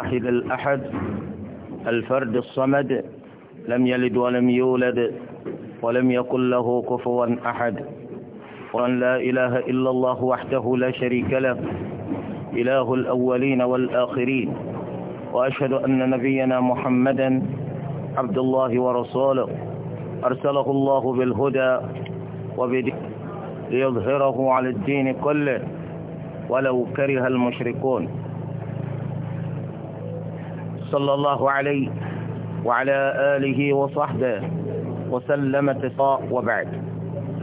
واحد الأحد الفرد الصمد لم يلد ولم يولد ولم يكن له كفوا أحد وأن لا إله إلا الله وحده لا شريك له إله الأولين والآخرين وأشهد أن نبينا محمدا عبد الله ورسوله أرسله الله بالهدى وبدين ليظهره على الدين كله ولو كره المشركون صلى الله عليه وعلى آله وصحبه وسلم تقاء وبعد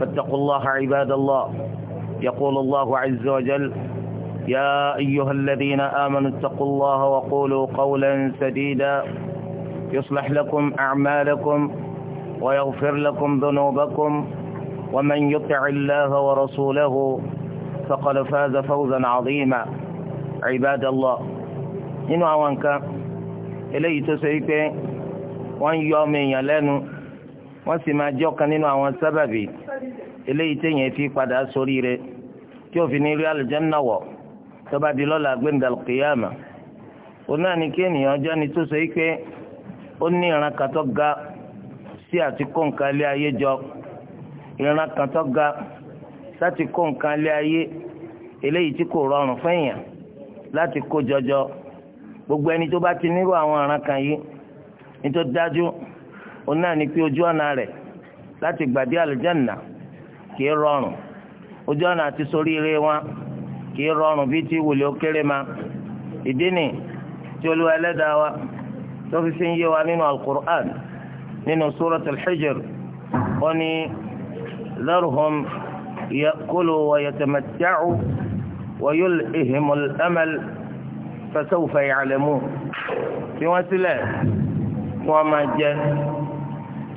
فاتقوا الله عباد الله يقول الله عز وجل يا أيها الذين آمنوا اتقوا الله وقولوا قولا سديدا يصلح لكم أعمالكم ويغفر لكم ذنوبكم ومن يطع الله ورسوله فقد فاز فوزا عظيما عباد الله إنه أوانكم eléyìí tó ṣe wípé wọ́n yọ ọmọ èèyàn lẹ́nu wọ́n sì máa jẹ́ ọ̀kan nínú àwọn sábàbí eléyìí téèyàn fi padà sórí rẹ̀ tí òfin ní rí àlùjánnà wọ̀ tó bá di lọ́la gbẹ̀ndàlùkìyàmà òun náà ni kí ènìyàn ni tó ṣe wípé ó ní ìran kan tó ga sí àti kó nǹkan ilé ayé jọ ìran kan tó ga láti kó nǹkan ilé ayé eléyìí tí kò jọjọ. gbogbo ẹni tó bá ti nírú àwọn ọ̀ràn kan yìí ní tó dájú òun náà ni pé ojú ọ̀nà rẹ̀ láti gbàdé àlùjánnà kì í rọrùn ojú ọ̀nà àti sórí ire wọn kì í rọrùn bí ti wòlé ókéré ma ìdí nì tí olúwa ẹlẹ́dàá wa tó fi fi ń yé wa nínú alukur'an nínú suratul hijr ó ní dharhum ya'kulu wa yatamatta'u wa yulhihimul amal fasawfa ya'lamun fi wọ́n sílẹ̀ kí wọ́n máa jẹ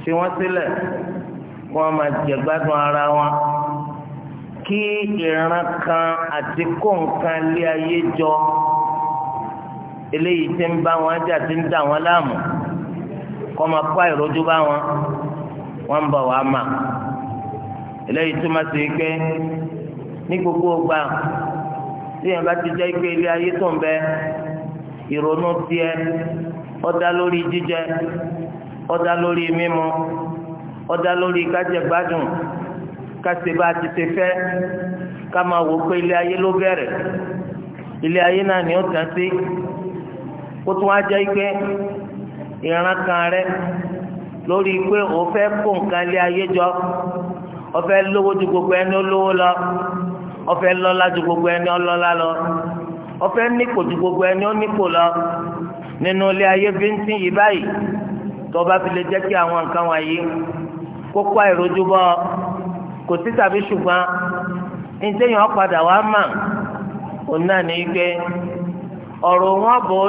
fi wọ́n sílẹ̀ kí wọ́n máa jẹ gbádùn ara wọn kí ìran kan àti kóńkan lé ayé jọ eléyìí tí ń bá wọn jà tí ń dà wọn láàmú kọ́ máa kó àìrójú bá wọn wọ́n ń bọ̀ wá mà eléyìí túmọ̀ sí pé ní gbogbo gbà. tí yẹn bá ti jẹ́ ike ilé ayé tó ń bẹ ìrònú tiẹ̀ ó dá lórí jíjẹ ó lórí mímu ó lórí kájẹ gbádùn kásì bá ti ṣe fẹ́ ká máa wò pé ilé ayé ló bẹ̀rẹ̀ ilé ayé náà ni ó tàn sí kó tún á kan rẹ lórí pé òun fẹ́ kó nǹkan ilé ayé jọ fẹ́ lówó ju gbogbo ẹni ó ọfẹ lọ́lá ju gbogbo ẹni ọlọ́lá lọ ọfẹ nípò ju gbogbo ẹni onípò lọ nínú ilé ayé bíntín yìí báyìí tọba fi lè jẹ́ kí àwọn nǹkan wọ̀nyí kókó àìrójú bọ kò sí tàbí ṣùgbọ́n ntẹ̀yìn ọ̀padà wàá mà òun náà ní pé ọ̀rọ̀ wọn bọ̀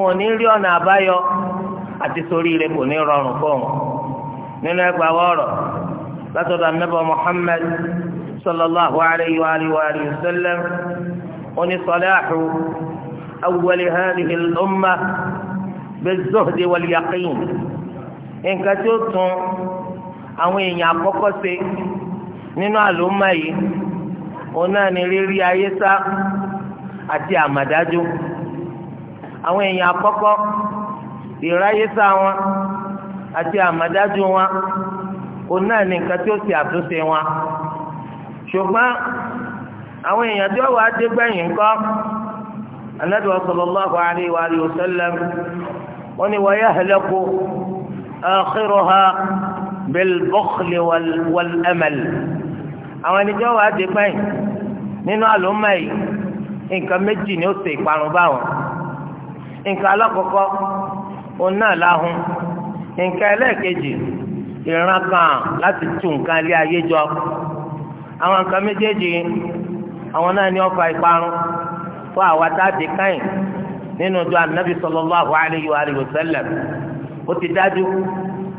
wọn ní rí ọ̀nà àbáyọ àti sórí rẹ kò ní rọrùn fún un nínú ẹgbàá wọ̀rọ̀ látọ̀dọ̀ anábọ̀ Muhammad. صلى الله عليه وآله وآله وسلم أن صلاح أول هذه الأمة بالزهد واليقين إن كتبت àwọn èèyàn àkọ́kọ́ ṣe nínú àlòmọ́ yìí òun náà ni rírí ayé sá àti àmàdájú àwọn èèyàn àkọ́kọ́ ìráyé sá wọn àti àmàdájú ni nǹkan tí ó ṣe àtúnṣe wọn ṣùgbọ́n àwọn èèyàn tí wọ́n wá dé gbẹ̀yìn kọ́ anabi sallallahu alayhi wa alihi wa sallam wọ́n ní wa yahlaku akhiruha bil bukhli wal amal àwọn ẹni tí wọ́n wá dé gbẹ̀yìn nínú àlùmọ́ yìí nǹkan méjì ni ó ṣe ìparun báwọn nǹkan alákọ̀ọ́kọ́ òun náà láhùn nǹkan kan láti tú nǹkan ilé ayé jọ. àwọn nǹkan méjèèjì àwọn náà ní ọkọ̀ ìparun fún àwa tá a ti káyìn nínú anabi sallallahu alayhi wa sallam ó ti dájú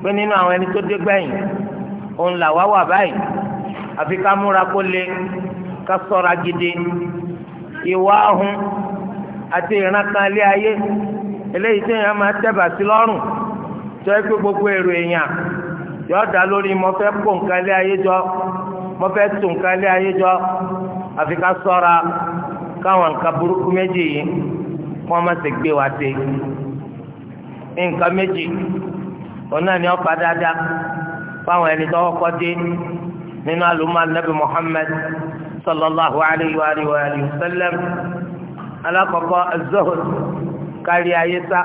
pé nínú àwọn ẹni tó dé gbẹ̀yìn òun là wá wà báyìí àfi ká múra kó le ká gidi ìwà ọ̀hún àti ìrànkanlé ayé eléyìí tí èèyàn máa tẹ̀bà sí lọ́rùn tó pé gbogbo èrò èèyàn jọ mo fẹ́ tún nǹkan lé ayé jọ àfi ká sọ́ra káwọn nǹkan burúkú méjì yìí kí wọ́n má ṣe gbé wa ṣe nǹkan méjì òun náà ni wọ́n fa dáadáa fáwọn ẹni tó kọ́kọ́ dé nínú àlùmọ́ anabi Muhammad sallallahu alayhi wa alihi wa sallam alakọ̀kọ́ az-zuhd kárí ayé sá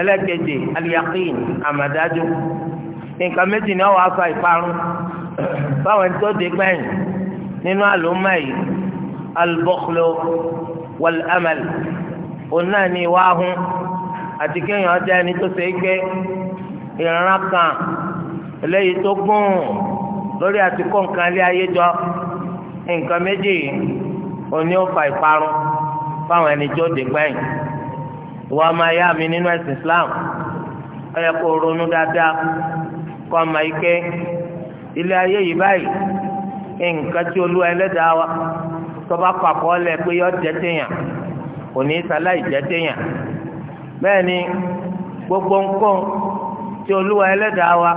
ẹlẹ́kẹ̀jẹ̀ al-yaqin àmàdájú nǹkan méjì ni wọ́n wá fa ìparun fáwọn tó dé gbẹ̀yìn nínú àlùmọ́ yìí albukhlu wal amal òun náà ní ìwà ahun àti kéèyàn ọjà ẹni tó ṣe é gbé ìran kan eléyìí tó gùn lórí àti nǹkan lé ayé jọ nǹkan méjì yìí òní ó fa ìparun fáwọn ẹni tó dé gbẹ̀yìn ìwà ọmọ ayá mi nínú ẹ̀sìn Islam ó yẹ kó ronú dáadáa kó ọmọ ike. ilé ayé yìí báyìí nǹkan tí olúwa ẹlẹ́dàá wa tọ́ba papọ̀ lẹ̀ pé yọ jẹ́ téèyàn kò ní sáláì téèyàn bẹ́ẹ̀ gbogbo nǹkan tí Oluwa ẹlẹ́dàá wa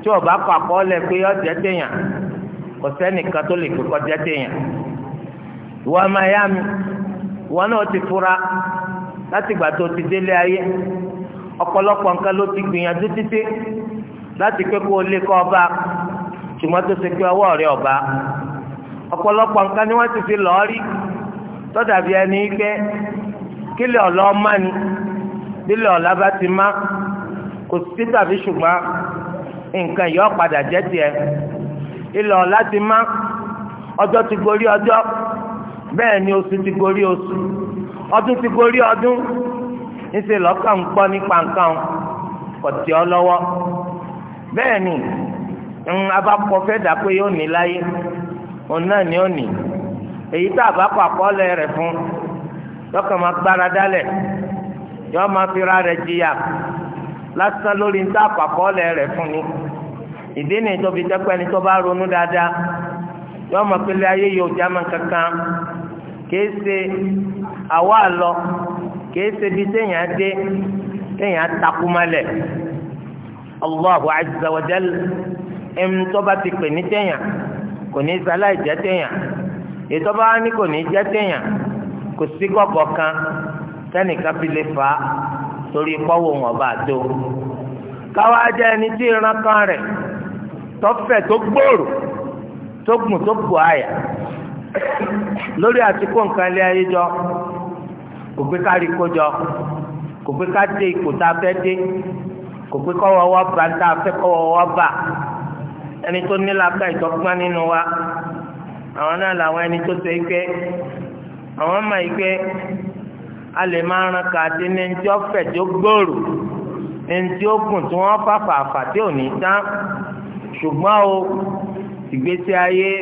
tí ọba papọ̀ lẹ̀ pé yọ jẹ́ téèyàn kò sẹ́nìkan tó lè pè kọ́ jẹ́ téèyàn ìwọ ọmọ mi ìwọ náà ti fura láti gbà tó ti délé ayé nǹkan ló ti gbìyànjú títí láti pé kó o lè kọ́ ọba ṣùgbọ́n tó ṣe pé ọwọ́ rẹ ọba ọ̀pọ̀lọpọ̀ nǹkan ni wọ́n ti fi lọ́ọ́ rí tọ́dàbí ẹni pé kílẹ̀ ọ̀la ọmọ ni bílẹ̀ ọ̀la bá ti má kò sí tàbí ṣùgbọ́n nǹkan yìí ọ̀padà jẹ́ tiẹ̀ ilẹ̀ ọ̀la ti má ọjọ́ ti gorí ọjọ́ bẹ́ẹ̀ ni oṣù ti gorí oṣù ọdún ti gorí ọdún níṣẹ́ lọ́kàn ń gbọ́ nípa nǹkan kò tí ọ lọ́wọ́ bẹ́ẹ̀ ni ń mm, abakọ fẹ́ dà pé yóò ní láyé òun náà ni ó ní èyí tá a bá kọ rẹ̀ fún lọ́kàn máa gbára dálẹ̀ yọ máa ra rẹ̀ jìyà lásán lórí níta kọ àkọọ́lẹ̀ rẹ̀ fún ni ìdí ni tóbi tẹ́pẹ́ ni tó bá ronú dáadáa máa ayé yóò já máa kankan kìí ṣe àwa kìí ṣe bí téèyàn dé téèyàn ẹnitọ́ba ti pè ní tẹ̀yàn kò ní sáláì jẹ́ tẹ̀yàn ìtọ́ba wa ní kò ní jẹ́ kò sí kọ̀kọ̀ kan sẹ́nìkan fi lè fa, á torí pọ́wọ́ wọn bá tó káwá jẹ́ ẹni tí ìran kan rẹ̀ tọ́fẹ̀ tó gbòòrò tó gùn tó bù àyà lórí àtikó nǹkan ilé ayé jọ kò pé ká rí kó jọ kò pé ká dé ipò tá a fẹ́ dé kò pé kọ́wọ́ bá tá a fẹ́ kọ́wọ́ bá ẹni tó ní làákà ìtọ́gbọ́n nínú wa àwọn náà làwọn ẹni tó ṣe pé àwọn mọ̀ pé a lè máa ran kàdé ní ẹni tí ó fẹ̀ tí ó gbòòrò ẹni tí ó gùn tí wọ́n fàfà àfà tí ò ní tán ṣùgbọ́n o ìgbésí ayé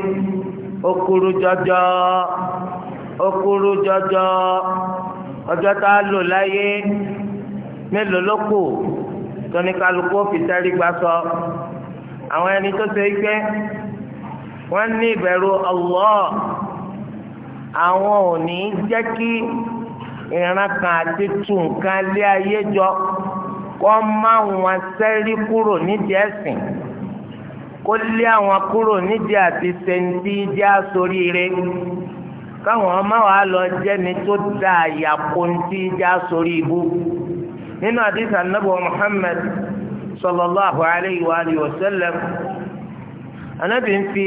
ó kúrú jọjọ ó kúrú jọjọ ọjọ́ tá a lò láyé mélòó ló kù tóníkàlùkù ó fi sọ. So àwọn ẹni tó ṣe pé wọ́n ní ìbẹ̀rù Allah àwọn ò ní jẹ́ kí ìran kan àti tu nǹkan lé ayé jọ kó má wọn sẹ́rí kúrò nídìí ẹ̀sìn kó lé àwọn kúrò nídìí àti sẹ́ńtì jẹ́ àsoríire káwọn ọmọ wa lọ jẹ́ni tó da àyàkó ntí jẹ́ àsorí ibú nínú àdìsàn nàbọ̀ Muhammad sallallahu alayhi wa alihi wa sallam anabi ń fi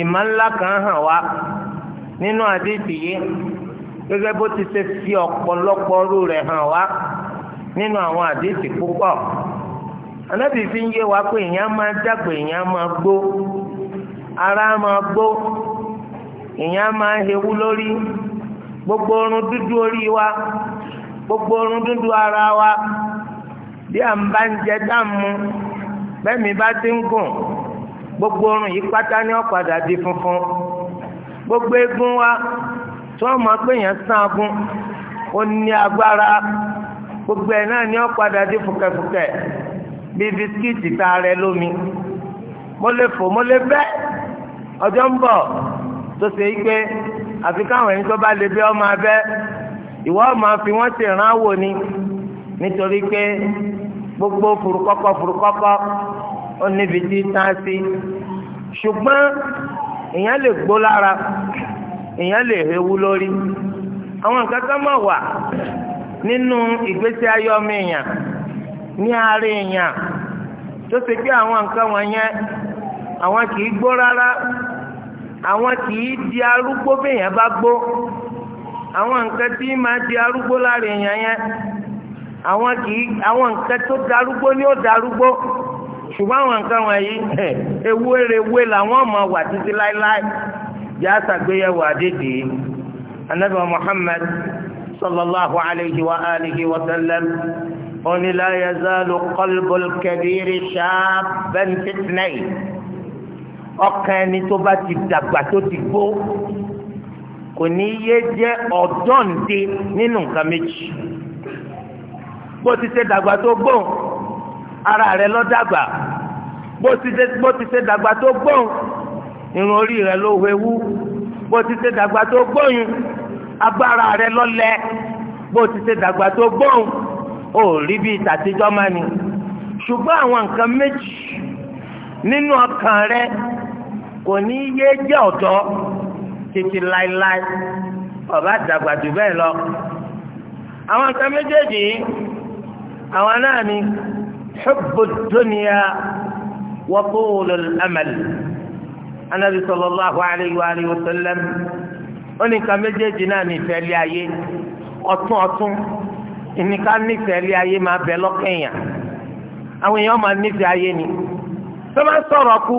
ìmọ̀ ńlá kan hàn wá nínú àdéhìí yìí gẹ́gẹ́ bó ti ṣe fi ọ̀pọ̀lọpọ̀ ọrú rẹ̀ hàn wá nínú àwọn àdéhìí púpọ̀ anabi fi ń yé wa pé èèyàn máa dàgbà èèyàn máa gbó ara máa gbó èèyàn máa hewu lórí gbogbo orun dúdú orí wa gbogbo orun dúdú ara wa. bí a ń bá ń jẹ dá bẹ́ẹ̀ mi bá ti ń gùn gbogbo oorun yìí pátá ní ọ̀padà di funfun gbogbo eegun wa tí wọ́n máa pè yẹn sáàgùn ó ní agbára gbogbo ẹ̀ náà ní ọ̀padà di fùkẹ̀fùkẹ̀ bí bisikíìtì tá a rẹ lómi mo lè fò mo lè bẹ́ ọjọ́ ń bọ̀ tó ṣe yí pé àfi káwọn ẹni tó bá lè bẹ́ ọ máa bẹ́ máa fi wọ́n ṣèrànwọ́ ni. nítorí pé gbogbo furukọ́kọ́ furukọ́kọ́ ó níbi tí tán sí ṣùgbọ́n èèyàn lè gbó lára èèyàn lè hewu lórí àwọn nǹkan kan máa wà nínú ìgbésí ayé ọmọ èèyàn ní àárẹ̀ èèyàn tó ṣe pé àwọn nǹkan wọ̀nyẹn àwọn kì í gbó rárá àwọn kì í di arúgbó béèyàn bá gbó àwọn nǹkan tí máa di arúgbó lára èèyàn yẹn àwọn kì í àwọn nǹkan tó darúgbó ni ó darúgbó ṣùgbọ́n àwọn nǹkan wọ̀nyí ewu erewe làwọn máa wà títí láéláé yà sàgbéyẹ̀wò àdédé anabi muhammad sallallahu alayhi wa alihi wa sallam oni la yazalu qalbul kabiri shaaban fitnay ọkàn ẹni tó bá ti dàgbà tó ti gbó kò ní yé jẹ́ ọ̀dọ́ǹde nínú nǹkan méjì bó ti ṣe dàgbà tó gbóhùn ara rẹ lọ dàgbà bó ti ṣe dàgbà tó gbóhùn irun orí rẹ ló wéwú bó ti ṣe dàgbà tó gbóhùn agbára rẹ lọ lẹ bó ti ṣe dàgbà tó gbóhùn ó rí bíi tàtijọ́ máa ní ṣùgbọ́n àwọn nǹkan méjì nínú ọkàn rẹ kò ní yé jẹ́ ọ̀dọ́ títí láéláé ọ̀bá dàgbà jù bẹ́ẹ̀ lọ àwọn nǹkan méjèèjì yìí àwọn náà ni hubbu dunya wa tulul amal anabi sallallahu alayhi wa alihi wa sallam ó ní nǹkan méjèèjì náà nífẹ̀ẹ́ lé ayé ọ̀tún ọ̀tún ìníká nífẹ̀ẹ́ lé ayé máa bẹ lọ́kẹ̀yàn àwọn èèyàn máa nífẹ̀ẹ́ ayé ni tó máa ń sọ̀rọ̀ kú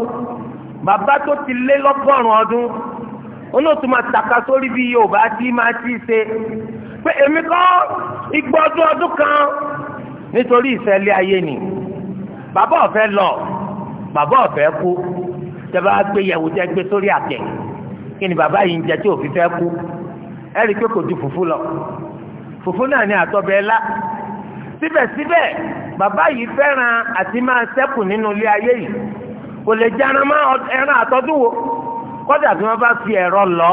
bàbá tó ti lé lọ́gọ́rùn ọdún olóòtú máa tàka sórí bí Yorùbá tí máa ti ṣe pé èmi kọ́ igbó ọdún ọdún kan nítorí ìfẹ́ lé ayé ni bàbá ọ̀fẹ́ lọ bàbá ọ̀fẹ́ kú tẹ́lá gbé yẹ̀wò jẹ́ gbé sórí àtẹ̀ kí ni bàbá yìí ń jẹ tí òfin fẹ́ kú ẹ rí i pé kò ju fùfú lọ fùfú náà ni àtọ́bẹ̀ ńlá síbẹ̀síbẹ̀ bàbá yìí fẹ́ràn àti máa ṣẹ́kù nínú ilé ayé yìí kò lè jẹ́ ẹran àtọ́dún wo kọ́dà tí wọ́n bá fi ẹ̀rọ lọ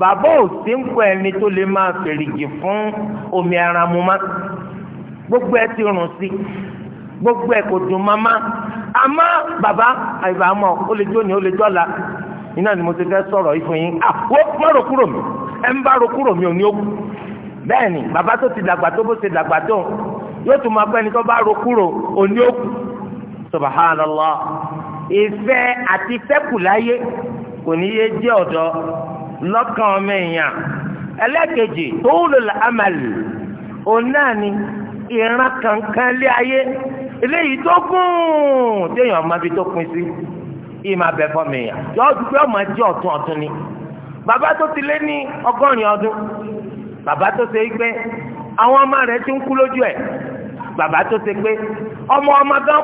bàbá ò sí ẹni tó lè máa fèrègì fún omi ẹran mu máa gbogbo ẹ ti rùn sí gbogbo ẹ kò dùn mama àmọ́ bàbá àyùbá mọ ó lè jó ni ó lè jọ la iná ni mo ti fẹ́ sọ̀rọ̀ ìfún yín àwọn má ro kúrò mi ẹ ń bá ro kúrò mi ò ní ó kú bẹ́ẹ̀ ni bàbá tó ti dàgbà tó bó ti dàgbà tó yóò tún máa pẹ́ ni tó bá ro kúrò ò ní ó kú subhanallah àti sẹ́kù kò ní yé jẹ́ ọ̀dọ́ lọ́kàn ọmọ èèyàn ẹlẹ́kejì tó wúlò lámàlì òun náà ni ìran kankan lé ayé eléyìí tó gùn téèyàn máa fi tó pin sí ìmọ̀ abẹ fọ́ mi yàn yọ ọdún pé ọmọ jẹ́ ọ̀tún ọtún ni bàbá tó ti lé ní ọgọ́rin ọdún bàbá tó ṣe pé àwọn ọmọ ti ń kú lójú bàbá tó ṣe pé ọmọ ọmọ gan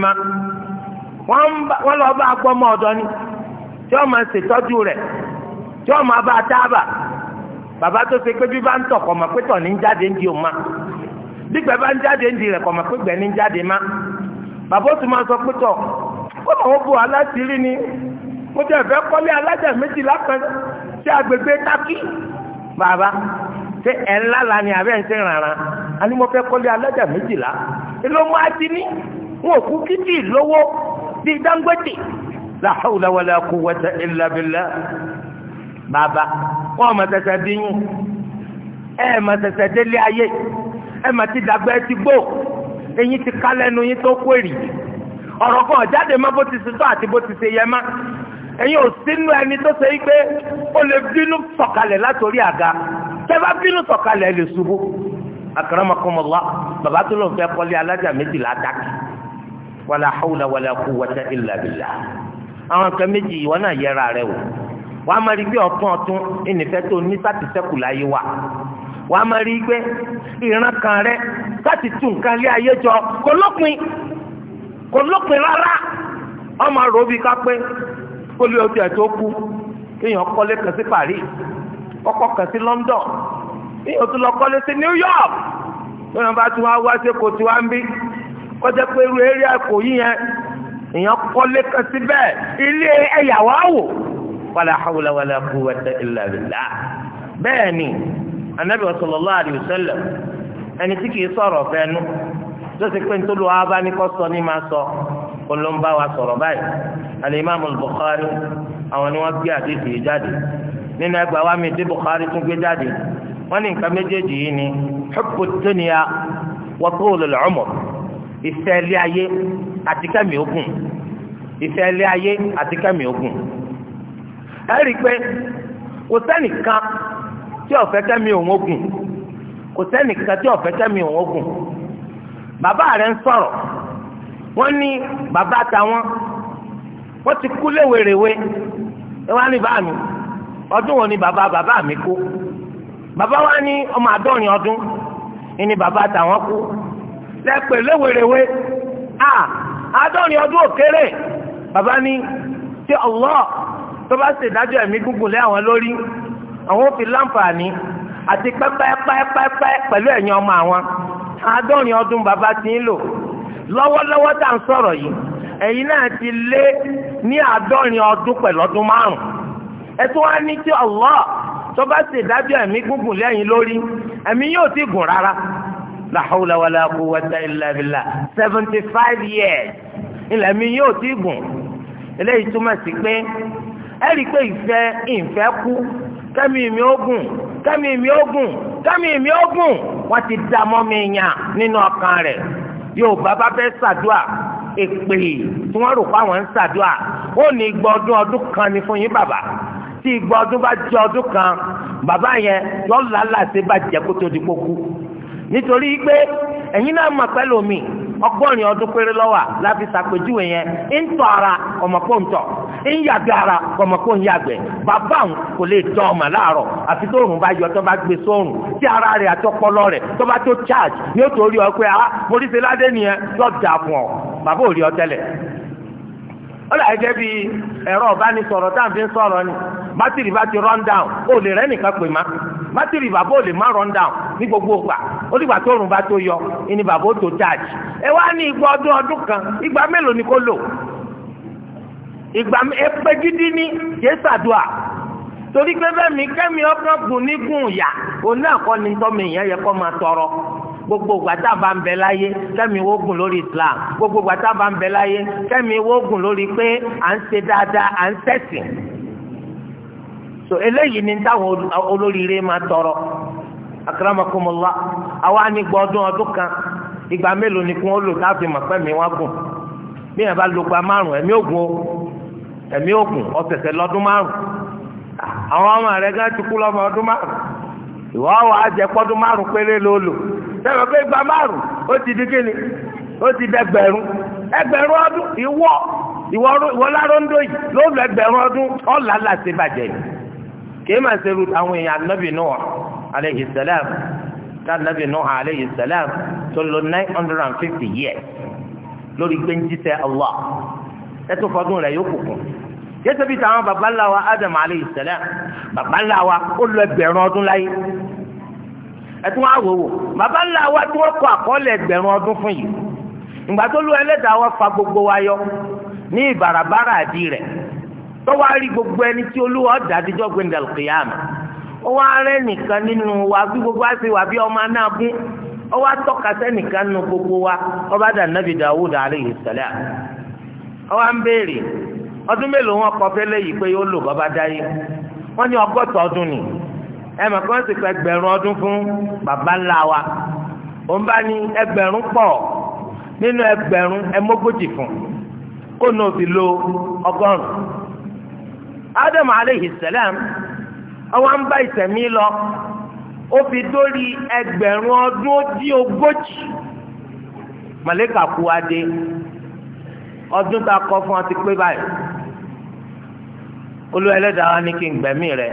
ma wọ́n bá ọ̀dọ́ ni tí ṣètọ́jú rẹ̀ tí bá a bàbá tó ṣe pé bí bá ń tọ̀ kọ̀ mọ̀ pé tọ̀ ní jáde ń di òun ma gbígbẹ́ bá ń jáde ń di rẹ̀ kọ̀ mọ̀ pé gbẹ́ ní jáde ma bàbá ó tún máa sọ pé tọ̀ ó mọ̀ ó bu aláṣírí ni mo jẹ́ ìfẹ́ kọ́lé alájà méjì lápẹ́ sí agbègbè tákì bàbá ṣé ẹ̀ ńlá la ni àbẹ́ ń ṣe rànran a ní mo fẹ́ kọ́lé alájà méjìlá ló máa ti ní wọn kú kìtì lówó bíi Dangote la hawla wala quwwata bàbá wọn ò mọ sẹsẹ bí yín ẹ ẹ mọ sẹsẹ délé ayé ẹ mọ ti dàgbà ẹ ti gbó eyín ti ká lẹ́nu yín tó kó èrì ọ̀rọ̀ kan jáde má bó ti ṣe tó àti bó ti ṣe yẹ má ẹ̀yin ò sínú ẹni tó ṣe pé ó lè bínú sọ̀kalẹ̀ látòrí àga tẹ́fà bínú sọ̀kalẹ̀ lè ṣubú akaramakomola baba tó ló ń fẹ́ alájà méjìlá dákì wàlà hawla wàlà quwwata illa billah àwọn kan méjì ìwọ náà yẹra rẹ wò wàá máa rí pé ọ̀kan ọ̀tún ìnìfẹ́ tó ní sátìsẹ́kù láyé wa wàá máa rí pé ìran kan rẹ láti tu nǹkan lé ayé jọ kò lópin kò lópin rárá ọmọ rò bí ká pé kó lé ojú ẹ̀ tó kú kéèyàn kọ́lé kan sí Paris ọkọ̀ kan sí London kéèyàn tún lọ kọ́lé sí New York lóyún bá tún wá wá sí kò wá ń bí kọjá pé irú eré ẹ̀kọ́ yìí yẹn èèyàn kọ́lé kan síbẹ̀ ilé ẹ̀yàwó àwò wala hawla wala quwwata illa billah bẹ́ẹ̀ ni anabi sallallahu alayhi wa sallam ẹni tí kìí sọ̀rọ̀ fẹ́nu tó ti pé nítorí wàá bá ní kó sọ ní máa sọ olóńgbà wa sọ̀rọ̀ báyìí alimami Bukhari àwọn ni wọ́n gbé àdéhùn yìí jáde nínú ẹgbàá wa mi dé Bukhari tún gbé jáde wọ́n ní nǹkan méjèèjì yìí ni hubbu dunya wa tulul umr ìfẹ́ ilé ayé àti kẹ́mi ogun ìfẹ́ ilé ayé àti kẹ́mi ogun. ẹ rí i pé kò sẹ́nìkan tí ọ̀fẹ́ kẹ́mi òun ogun kò sẹ́nìkan tí ọ̀fẹ́ kẹ́mi òun ogun bàbá rẹ̀ ń sọ̀rọ̀ wọ́n ní bàbá tàwọn wọ́n ti kú léwerèwe ẹ wá ní bá mi ọdún wo ni bàbá bàbá mi kú bàbá wa ní ọmọ àádọ́rin ọdún ìní bàbá tàwọn kú lẹ́pẹ̀ léwerèwe a àádọ́rin ọdún òkèrè bàbá ní tí Allah tó bá ṣe ìdájọ́ ẹ̀mí gúngùn lé àwọn lórí àwọn ò fi láǹfààní àti pẹ́pẹ́pẹ́pẹ́ pẹ̀lú ẹ̀yìn ọmọ àwọn àádọ́rin ọdún bàbá ti ń lò lọ́wọ́lọ́wọ́ tá à ń sọ̀rọ̀ yìí ẹ̀yin náà ti lé ní àádọ́rin ọdún pẹ̀lú ọdún márùn-ún ẹ tún wá ní tí Allah tó bá ṣe ìdájọ́ ẹ̀mí gúngùn lẹ́yìn lórí ẹ̀mí yóò ti gùn rárá la hawla wala quwwata illa billah seventy five years ilẹ̀ mi yóò ti gùn eléyìí túmọ̀ sí pé ẹ̀rí pé ìfẹ́ ìfẹ́ kú kẹ́mi mi ó gùn kẹ́mi mi ó gùn kẹ́mi mi ó gùn wọ́n ti dá mọ́ mi yàn nínú ọkàn rẹ̀ yóò bàbá fẹ́ ṣàdúà èpè tí wọ́n rò fáwọn ń ṣàdúà ó ní gbọ́ ọdún kan ni fún yín bàbá tí ìgbọ́ ọdún bá jẹ́ ọdún kan bàbá yẹn lọ́ọ́ làálàá ṣe bá jẹ́ kó tó di kó kú nítorí pé ẹ̀yin náà mọ̀ pẹ́lú mi ọgọ́rin ọdún péré lọ́wà láti ṣàpèjúwe yẹn ń tọ́ ara ọmọkó ń tọ̀ ń yàgbẹ́ ara ọmọkó ń yàgbẹ́ bàbá òun kò lè tọ́ ọmọ láàárọ̀ àfi tó òrùn bá yọ tó bá gbé sóòrùn tí ara rẹ̀ àti ọpọlọ rẹ̀ tó bá tó charge ní ó torí ọ pé ah mo rí ṣe ládé nìyẹn lọ́ọ̀dà fún ọ bàbá ò rí ọ tẹ́lẹ̀ ó là gẹ́gẹ́ bí ẹ̀rọ ọ̀bánisọ̀rọ̀ tá à ń fi sọ̀rọ̀ ni bátìrì bá ti run down ó lè rẹ́ nìkan pè má bátìrì bàbá ò lè má run down ní gbogbo ìgbà ó dìgbà tó rùn bá tó yọ ìní bàbá ó tó charge ẹ wá ní ìgbà ọdún ọdún kan ìgbà mélòó ni kó lò ìgbà ẹgbẹ́ gidi ní jésù àdúrà torí pé bẹ́ẹ̀ mi kẹ́mi ọkàn gùn ní gùn yà òun náà kọ́ ni tọ́mi ìyẹn yẹ kọ́ máa tọrọ gbogbo gbata bambela ń bẹ láyé lori wo gbogbo gbata bambela ń bẹ láyé lori wo gùn lórí pé à ń ṣe dáadáa so eléyìí ni táwọn olóríire máa tọrọ akaramakomola àwa ni kan ìgbà mélòó ni kí wọn lò láàfin màpẹ mi wọn gùn bí yẹn bá márùn ògùn o ẹmí ògùn márùn àwọn ọmọ rẹ gán ti kú ọdún márùn sẹ́wọ̀n pé gba márùn ó ti di kíni ó ti dẹgbẹ̀rún ẹgbẹ̀rún ọdún ìwọ ìwọ láròndó yìí ló lọ ẹgbẹ̀rún ọdún ọ̀là làṣẹ bàjẹ́ yìí kì í máa ṣe ru àwọn èèyàn anábì Nuh alayhi salam tá anábì Nuh alayhi salam tó lò nine hundred and fifty years lórí gbẹ́njísẹ́ Allah ẹtù fọdún rẹ̀ yóò kùkùn yẹ́sẹ̀ bí táwọn baba ńlá wa Adam alayhi salam baba ńlá wa ó lọ ẹgbẹ̀rún ọdún láyé ẹtún wá wò wò bàbá ńlá wa tí wọ́n kọ àkọọ́lẹ̀ ẹgbẹ̀rún ọdún fún yìí ìgbà tó lu wa fa gbogbo wa yọ ní ìbarabara àdí rẹ̀ tó wá rí gbogbo ẹni tí olúwa ọ̀dà ó wá nìkan nínú wa bí gbogbo àti wà bí ọmọ náà bú ó wá nínú gbogbo wa ọba dà nàbì dàwúdà ó wá ń béèrè ọdún mélòó wọn pé yóò lò bàbá dáyé ní ọgọ́ta ọdún nìyí ẹ mọ̀ kí wọ́n ti fẹ́ ẹgbẹ̀rún ọdún fún bàbá ńlá wa òun bá ní ẹgbẹ̀rún pọ̀ nínú ẹgbẹ̀rún ẹmọ́gójì fún kó nà ó fi lo ọgọ́rùn. Ádámù aleyhi sẹlẹm ọwọ́ ń bá ìsẹ̀mí lọ ó fi dórí ẹgbẹ̀rún ọdún ó ogójì màlẹ́kà kú adé ọdún tá a kọ fún ọ ti pé báyìí olú ẹlẹ́dàá wa ní kí n gbẹ̀mí rẹ̀.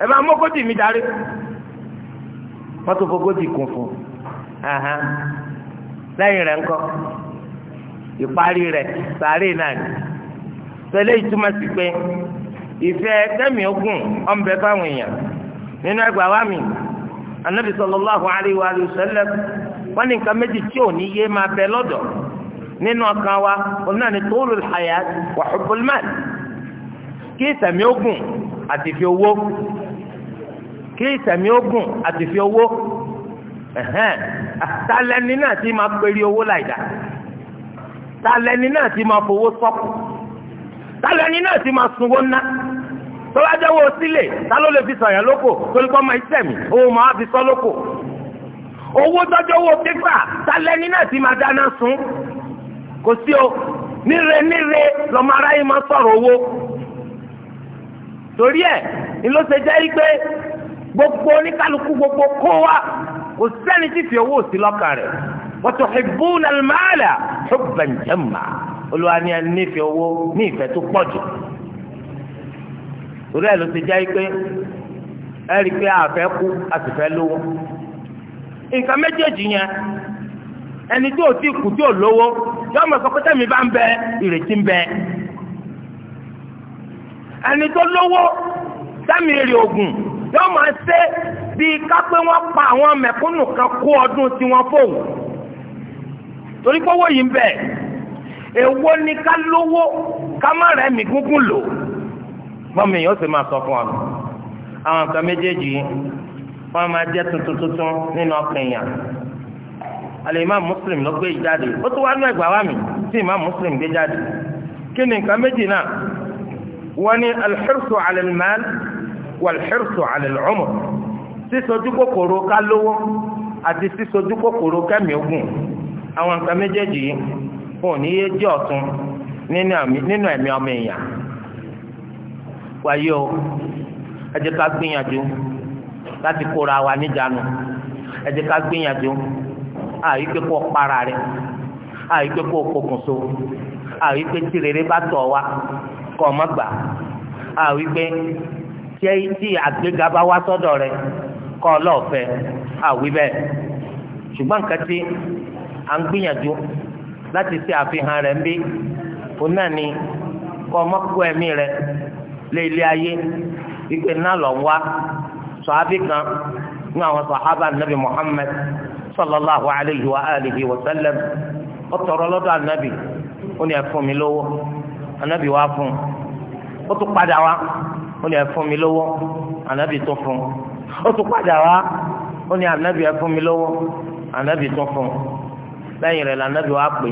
Ebe bá mi darí wọ́n tó fọkótì kún fún lẹ́yìn rẹ̀ ńkọ́ ìparí rẹ̀ sàárè náà ni tẹ́lẹ̀ ìtumọ̀ sí pé ìfẹ́ tẹ́mi ogun ọ̀nbẹ fáwọn èèyàn nínú ẹgbàá wa mi anabi sallallahu alayhi wa sallam wọ́n ní nǹkan méjì tí ò ní yé máa bẹ lọ́dọ̀ nínú ọkàn wa òun náà ni kí ogun àti owó kí ìsẹ̀mí ogun àti fi owó ẹ̀hẹ́n talẹ́ni náà ti máa pèrè owó láìda talẹ́ni náà ti máa fowó sọ́kù talẹ́ni náà ti máa sunwó ná tó bá jẹ́wọ́ sílẹ̀ ta ló lè fi sọ̀yàn lóko torí kọ́ máa ìsẹ̀mí owó máa fi sọ́ lóko owó tọ́jú owó pépà talẹ́ni náà ti máa dáná sun kò sí o níre níre lọ́mọ aráyé máa sọ̀rọ̀ owó torí ẹ̀ ni ló ṣe jẹ́ pé gbogbo oníkálukú gbogbo kó wa kò sẹ́ni tí fi owó sí lọ́kàn rẹ̀ wa tuhibbuna al-mala hubban jamma olúwa ni a nífẹ̀ẹ́ owó ní ìfẹ́ tó pọ̀ jù torí ẹ̀ ló ti jẹ́ pé ẹ̀rí pé àfẹ́ kú a fẹ́ lówó nǹkan méjèèjì yẹn ẹni tí ò kù tí lówó yóò mọ̀ sọ pé bá ń bẹ ìrètí ń bẹ ẹni tó lówó tẹ̀mí èrè ògùn yóò máa ṣe bíi kápẹ́ wọn pa àwọn mẹ̀kúnnù kan kó ọdún tí wọ́n fóun torí pọ́wọ́ yìí ń bẹ èwo ni ká lówó ká má rẹ̀ mí gúngún lò bọ́mọ èèyàn ó sì máa sọ fún ọ àwọn nǹkan méjèèjì wọn máa jẹ́ tuntun tuntun nínú ọkàn èèyàn alimami muslim ló gbé jáde ó tún wá nú ẹgbàá wa mi tí imam muslim gbé jáde kí ni nǹkan méjì náà wọ́n ní alḥirsu alal wàlhírùsù àlẹ́lọ́mù sísojú kòkòrò kálówó àti sísojú kòkòrò kẹ́mi ogun àwọn nǹkan méjèèjì yìí fún òní yé jẹ́ ọ̀tún nínú ẹ̀mí ọmọ èèyàn wáyé o ká láti wa níjànú ká gbìyànjú àyè pé kó para rẹ àyè pé kó so àyè pé bá tọ̀ àyè pé tí àgbéga bá wá sọ́dọ̀ rẹ̀ kọ́ ọlọ́ọ̀fẹ́ àwí bẹ́ẹ̀ ṣùgbọ́n nǹkan tí a ń gbìyànjú láti ṣe àfihàn rẹ̀ ń bí náà ni kọ ọmọkú lé ilé ayé náà lọ wá kan ní àwọn sọ́hábà nàbì sallallahu alayhi wa alihi wa sallam ó tọrọ lọ́dọ̀ ànábì ó ní ẹ fún mi ó ní ẹ fún mi lówó ànábì tó fún ó tún padà wá ó ní ànábì ẹ fún mi lówó ànábì tó fún lẹ́yìn rẹ̀ lànábì wá pè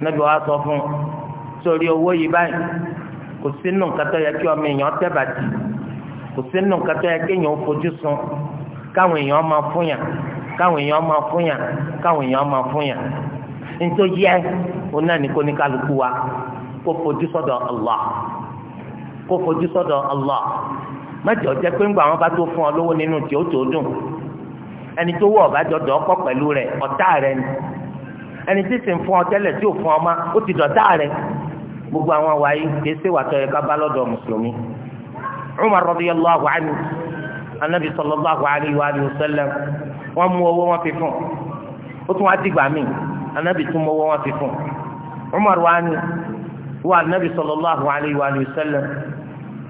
ànábì wá sọ fún sórí owó yìí báyìí kò sínú nǹkan tó yẹ kí ọmọ èèyàn tẹ́ bàtì kò sínú nǹkan tó yẹ kí èèyàn fojú sun káwọn èèyàn máa fún yàn káwọn èèyàn máa fún yàn káwọn èèyàn máa fún yàn nítorí yẹ òun náà ní kó wa kó fojú sọ́dọ̀ Allah kó fojú sọ́dọ̀ Allah mẹjọ jẹ pé ńgbà wọn bá tó fún ọ lówó nínú tí ó tó dùn ẹni tó wọ ọbàjọ dọ ọkọ pẹ̀lú rẹ̀ ọ̀tá rẹ̀ ni ẹni tí sì ń fún ọ tẹ́lẹ̀ tí ò fún ọ má ó ti dọ̀tá rẹ̀ gbogbo àwọn wáyé kìí ṣe wàtọ yẹ ká bá lọ́dọ̀ mùsùlùmí Umar radiyallahu anhu anabi sallallahu alayhi wa sallam wọn mú owó wọn fi fún ó tún wá dìgbà míì anabi tún mú owó wọn fi fún Umar wa ni wọn anabi sallallahu alayhi wa sallam.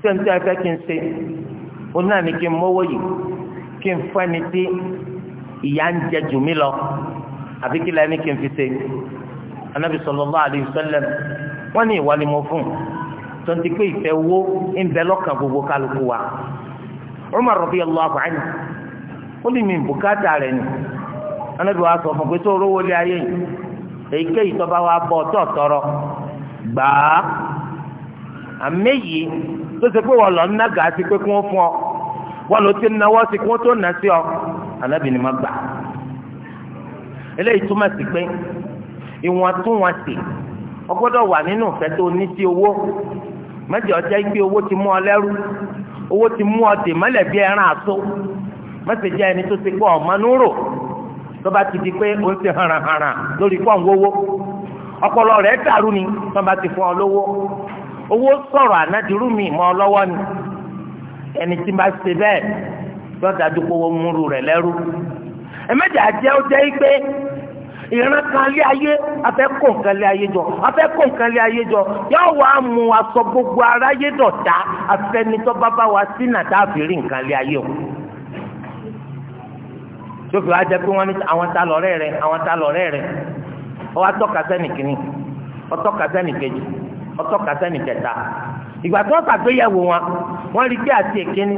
sẹ́ńtẹ́ afẹ́ kí n ṣe ó náà ní kí n mọ́wọ́ yìí kí n fẹ́ni tí ìyá ń jẹ anabi sallallahu alayhi wa sallam wọ́n ní ìwà ni mo fún ti pé ìfẹ́ wo ń bẹ lọ́kàn gbogbo kálukú wa Umar radiyallahu anhu ó lè mi bùkátà ni anabi wa sọ fún pé tó rówó lé ayé yìí èyíkéyìí tó bá wa bọ̀ tó tọrọ gbàá tó ṣe pé wọ́n lọ ń nága sí pé kí wọ́n fún ọ wọ́n lọ ti náwó sí kí wọ́n tó nà sí ọ ànábì ni má gbà eléyìí túmọ̀ sí pé ìwọ̀ntúnwọ̀nsì ó gbọ́dọ̀ wà nínú ìfẹ́ tó ní sí owó mẹ́jọ jẹ́ pé owó ti mú ọ lẹ́rú owó ti mú ọ dè mọ́lẹ̀ bí ẹran àtó mẹ́sẹ̀ jẹ́ ẹni tó ti pọ̀ ọ̀mọ́núrò tó bá ti di pé ó ń ṣe hànràhànrà lórí pọ̀ ń wówó ọpọlọ rẹ̀ dàrú ni tó bá ti fún ọ lówó owó sọ̀rọ̀ ànádirú mi mọ́ ni ẹni tí bá ṣe bẹ́ẹ̀ lọ́dà dúpọ̀wọ́ múru rẹ̀ lẹ́rú ẹ̀mẹ́jà jẹ́ ó jẹ́ pé ìran kan lé ayé afẹ́ nǹkan lé ayé jọ afẹ́ nǹkan lé ayé jọ yóò wá mú aṣọ gbogbo aráyé dọ̀tá afẹ́nitọ́ bá bá wa sí nàdá nǹkan lé ayé o tóbi wá jẹ pé ní àwọn ta rẹ àwọn ọtọ́ka sẹ́ni kẹta ìgbà tó ṣàgbéyẹ̀wò wọn wọ́n rí pé àti èkíní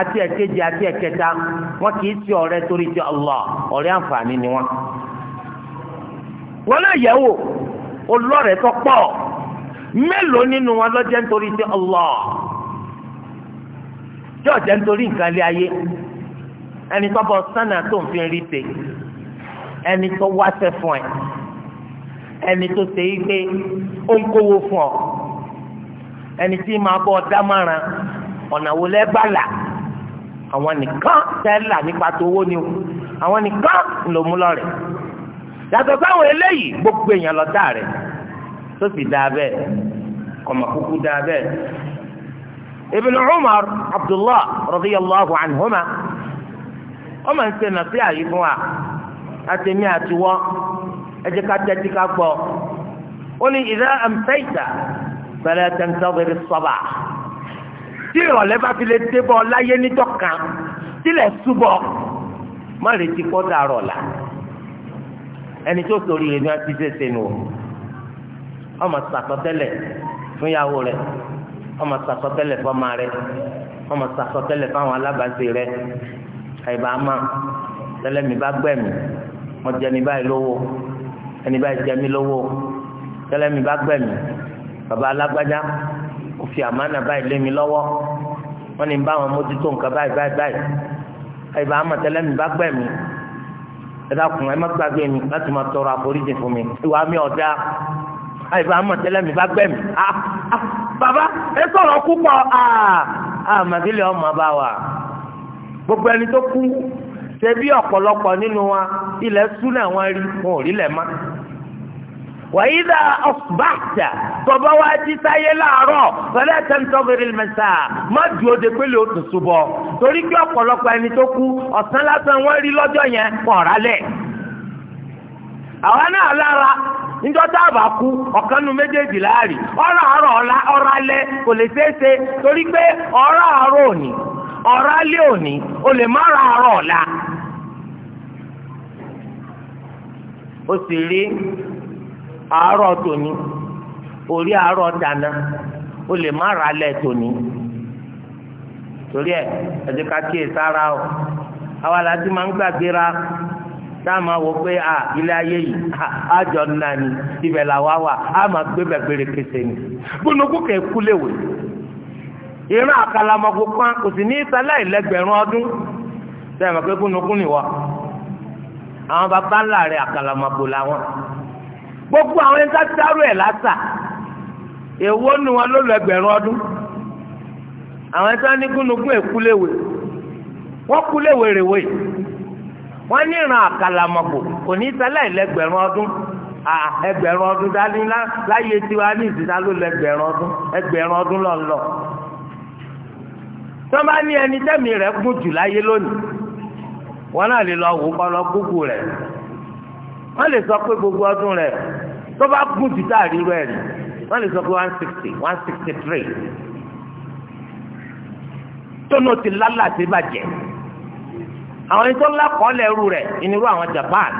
àti èkejì àti ẹ̀kẹta wọn kì í ti ọ̀rẹ́ torí ti Allah ọ̀rẹ́ àǹfààní ni wọn. wọn náà yẹ̀ wò olóòrẹ́ tó pọ̀ mélòó nínú wọn lọ́jẹ́ nítorí ti Allah tí ọ̀jẹ̀ nítorí nǹkan lé ayé ẹni tó bọ sánà tó ń fi rí te ẹni tó wáṣẹ fún ẹ. ẹni tó ṣe é pé ó ń kówó fún ọ ẹni tí máa bọ́ ọ dámọ̀ràn ọ̀nà wo lẹ́gbàá àwọn nìkan tẹ́lá nípa tó ni o àwọn nìkan ló mú lọ́rẹ̀ yàtọ̀ sáwọn eléyìí gbogbo èèyàn rẹ̀ tó sì bẹ́ẹ̀ kọ̀mọ̀ kúkú bẹ́ẹ̀. ẹ jẹ́ ká tẹ́tí ká gbọ́ ó ní ìdá àmfẹ́ìtà bẹ̀rẹ̀ tẹ̀ǹtẹ̀wẹ̀rẹ̀ sọ́bà tí ìrọ̀lẹ́ bá fi lè débọ̀ láyé níjọ́ kan tílẹ̀ súbọ̀ má retí kó dàrọ̀ la ẹni tó sori rẹ̀ ní wọ́n ti sèse nù ọmọ sàtọ́tẹ́lẹ̀ fúnyàwó rẹ̀ ọmọ sàtọ́tẹ́lẹ̀ fọ́mà rẹ̀ ọmọ sàtọ́tẹ́lẹ̀ fáwọn alábàáṣe rẹ̀ àyíbá má tẹ́lẹ̀ mi bá gbẹ̀mí mọ̀jẹ̀ mi báyìí lówó ẹni bá jẹ mí lọ́wọ́ tẹ́lẹ̀ mi bá gbẹ̀ mí bàbá alágbájá kò fi àmánà báyìí lé mi lọ́wọ́ wọ́n ní bá wọn mójútó nǹkan báyìí báyìí báyìí àyìnbá àmọ̀ tẹ́lẹ̀ mi bá gbẹ̀ mí ẹ dákun ẹ má gbàgbé mi láti máa tọrọ àforíjì fún mi ìwà mi ọ̀dà àyìnbá àmọ̀ tẹ́lẹ̀ mi bá gbẹ̀ mí ah ah bàbá ẹ sọ̀rọ̀ kú pọ̀ ah ah màdílé ọmọ bá wà gbogbo ẹni tó kú ṣebí ọ̀pọ̀lọpọ̀ nínú wa ilẹ̀ súnà wọn rí wọn ò rí lẹ̀ má. wàyídà wa jí sáyé láàárọ̀ pẹ̀lú ẹ̀tẹ́ntọ́bìrì mẹ́ta má ju òde pélé torí kí ọ̀pọ̀lọpọ̀ ẹni tó kú ọ̀sán lọ́jọ́ yẹn àwa náà lára méjèèjì láàrin kò lè torí pé ó sì rí àárọ̀ tòní orí àárọ̀ dáná ó lè má ra lẹ̀ tòní torí ẹ ẹ jẹ́ ká kíyè sára o àwa la ti máa ń gbàgbéra tá a máa wọ pé à ilé ayé yìí àjọ náà ni ibẹ̀ là wá wà á máa gbé bẹ̀gbẹ̀rẹ̀ kése ni gbónúkú kẹ̀ kú léwe ìran àkàlà ọmọ kò sì ní ìsàlẹ̀ ìlẹ́gbẹ̀rún ọdún sẹ́yìn mọ̀ pé gbónúkú nìwọ àwọn bàbá ńlá rẹ̀ àkàlàmàgbò làwọn gbogbo àwọn ẹni tá dárú ẹ̀ lásà èwo nu wọn ló lọ ẹgbẹ̀rún ọdún àwọn ẹni tá ní gúnugún èkúléwé wọ́n kúléwé rèwé wọ́n ní ìran àkàlàmàgbò kò ní ṣẹlẹ̀ ìlẹ́gbẹ̀rún ọdún ẹgbẹ̀rún ọdún dání láyé tiwa ní ìsìta ló lọ ẹgbẹ̀rún ọdún ẹgbẹ̀rún ọdún lọ́nlọ́ tọ́ba ní ẹni tẹ́mi rẹ̀ gùn jù láyé lónìí wọn náà lè lọ wò kọ́ lọ kúkú rẹ̀ wọ́n lè sọ pé gbogbo ọdún rẹ̀ tó bá gùn jù tá àríwọ̀ ẹ̀rí wọ́n lè sọ pé one sixty one sixty three tónú ti lálà sí bàjẹ́ àwọn ẹni tó ńlá kọ́ lẹ́rú rẹ̀ ìnirú àwọn Japan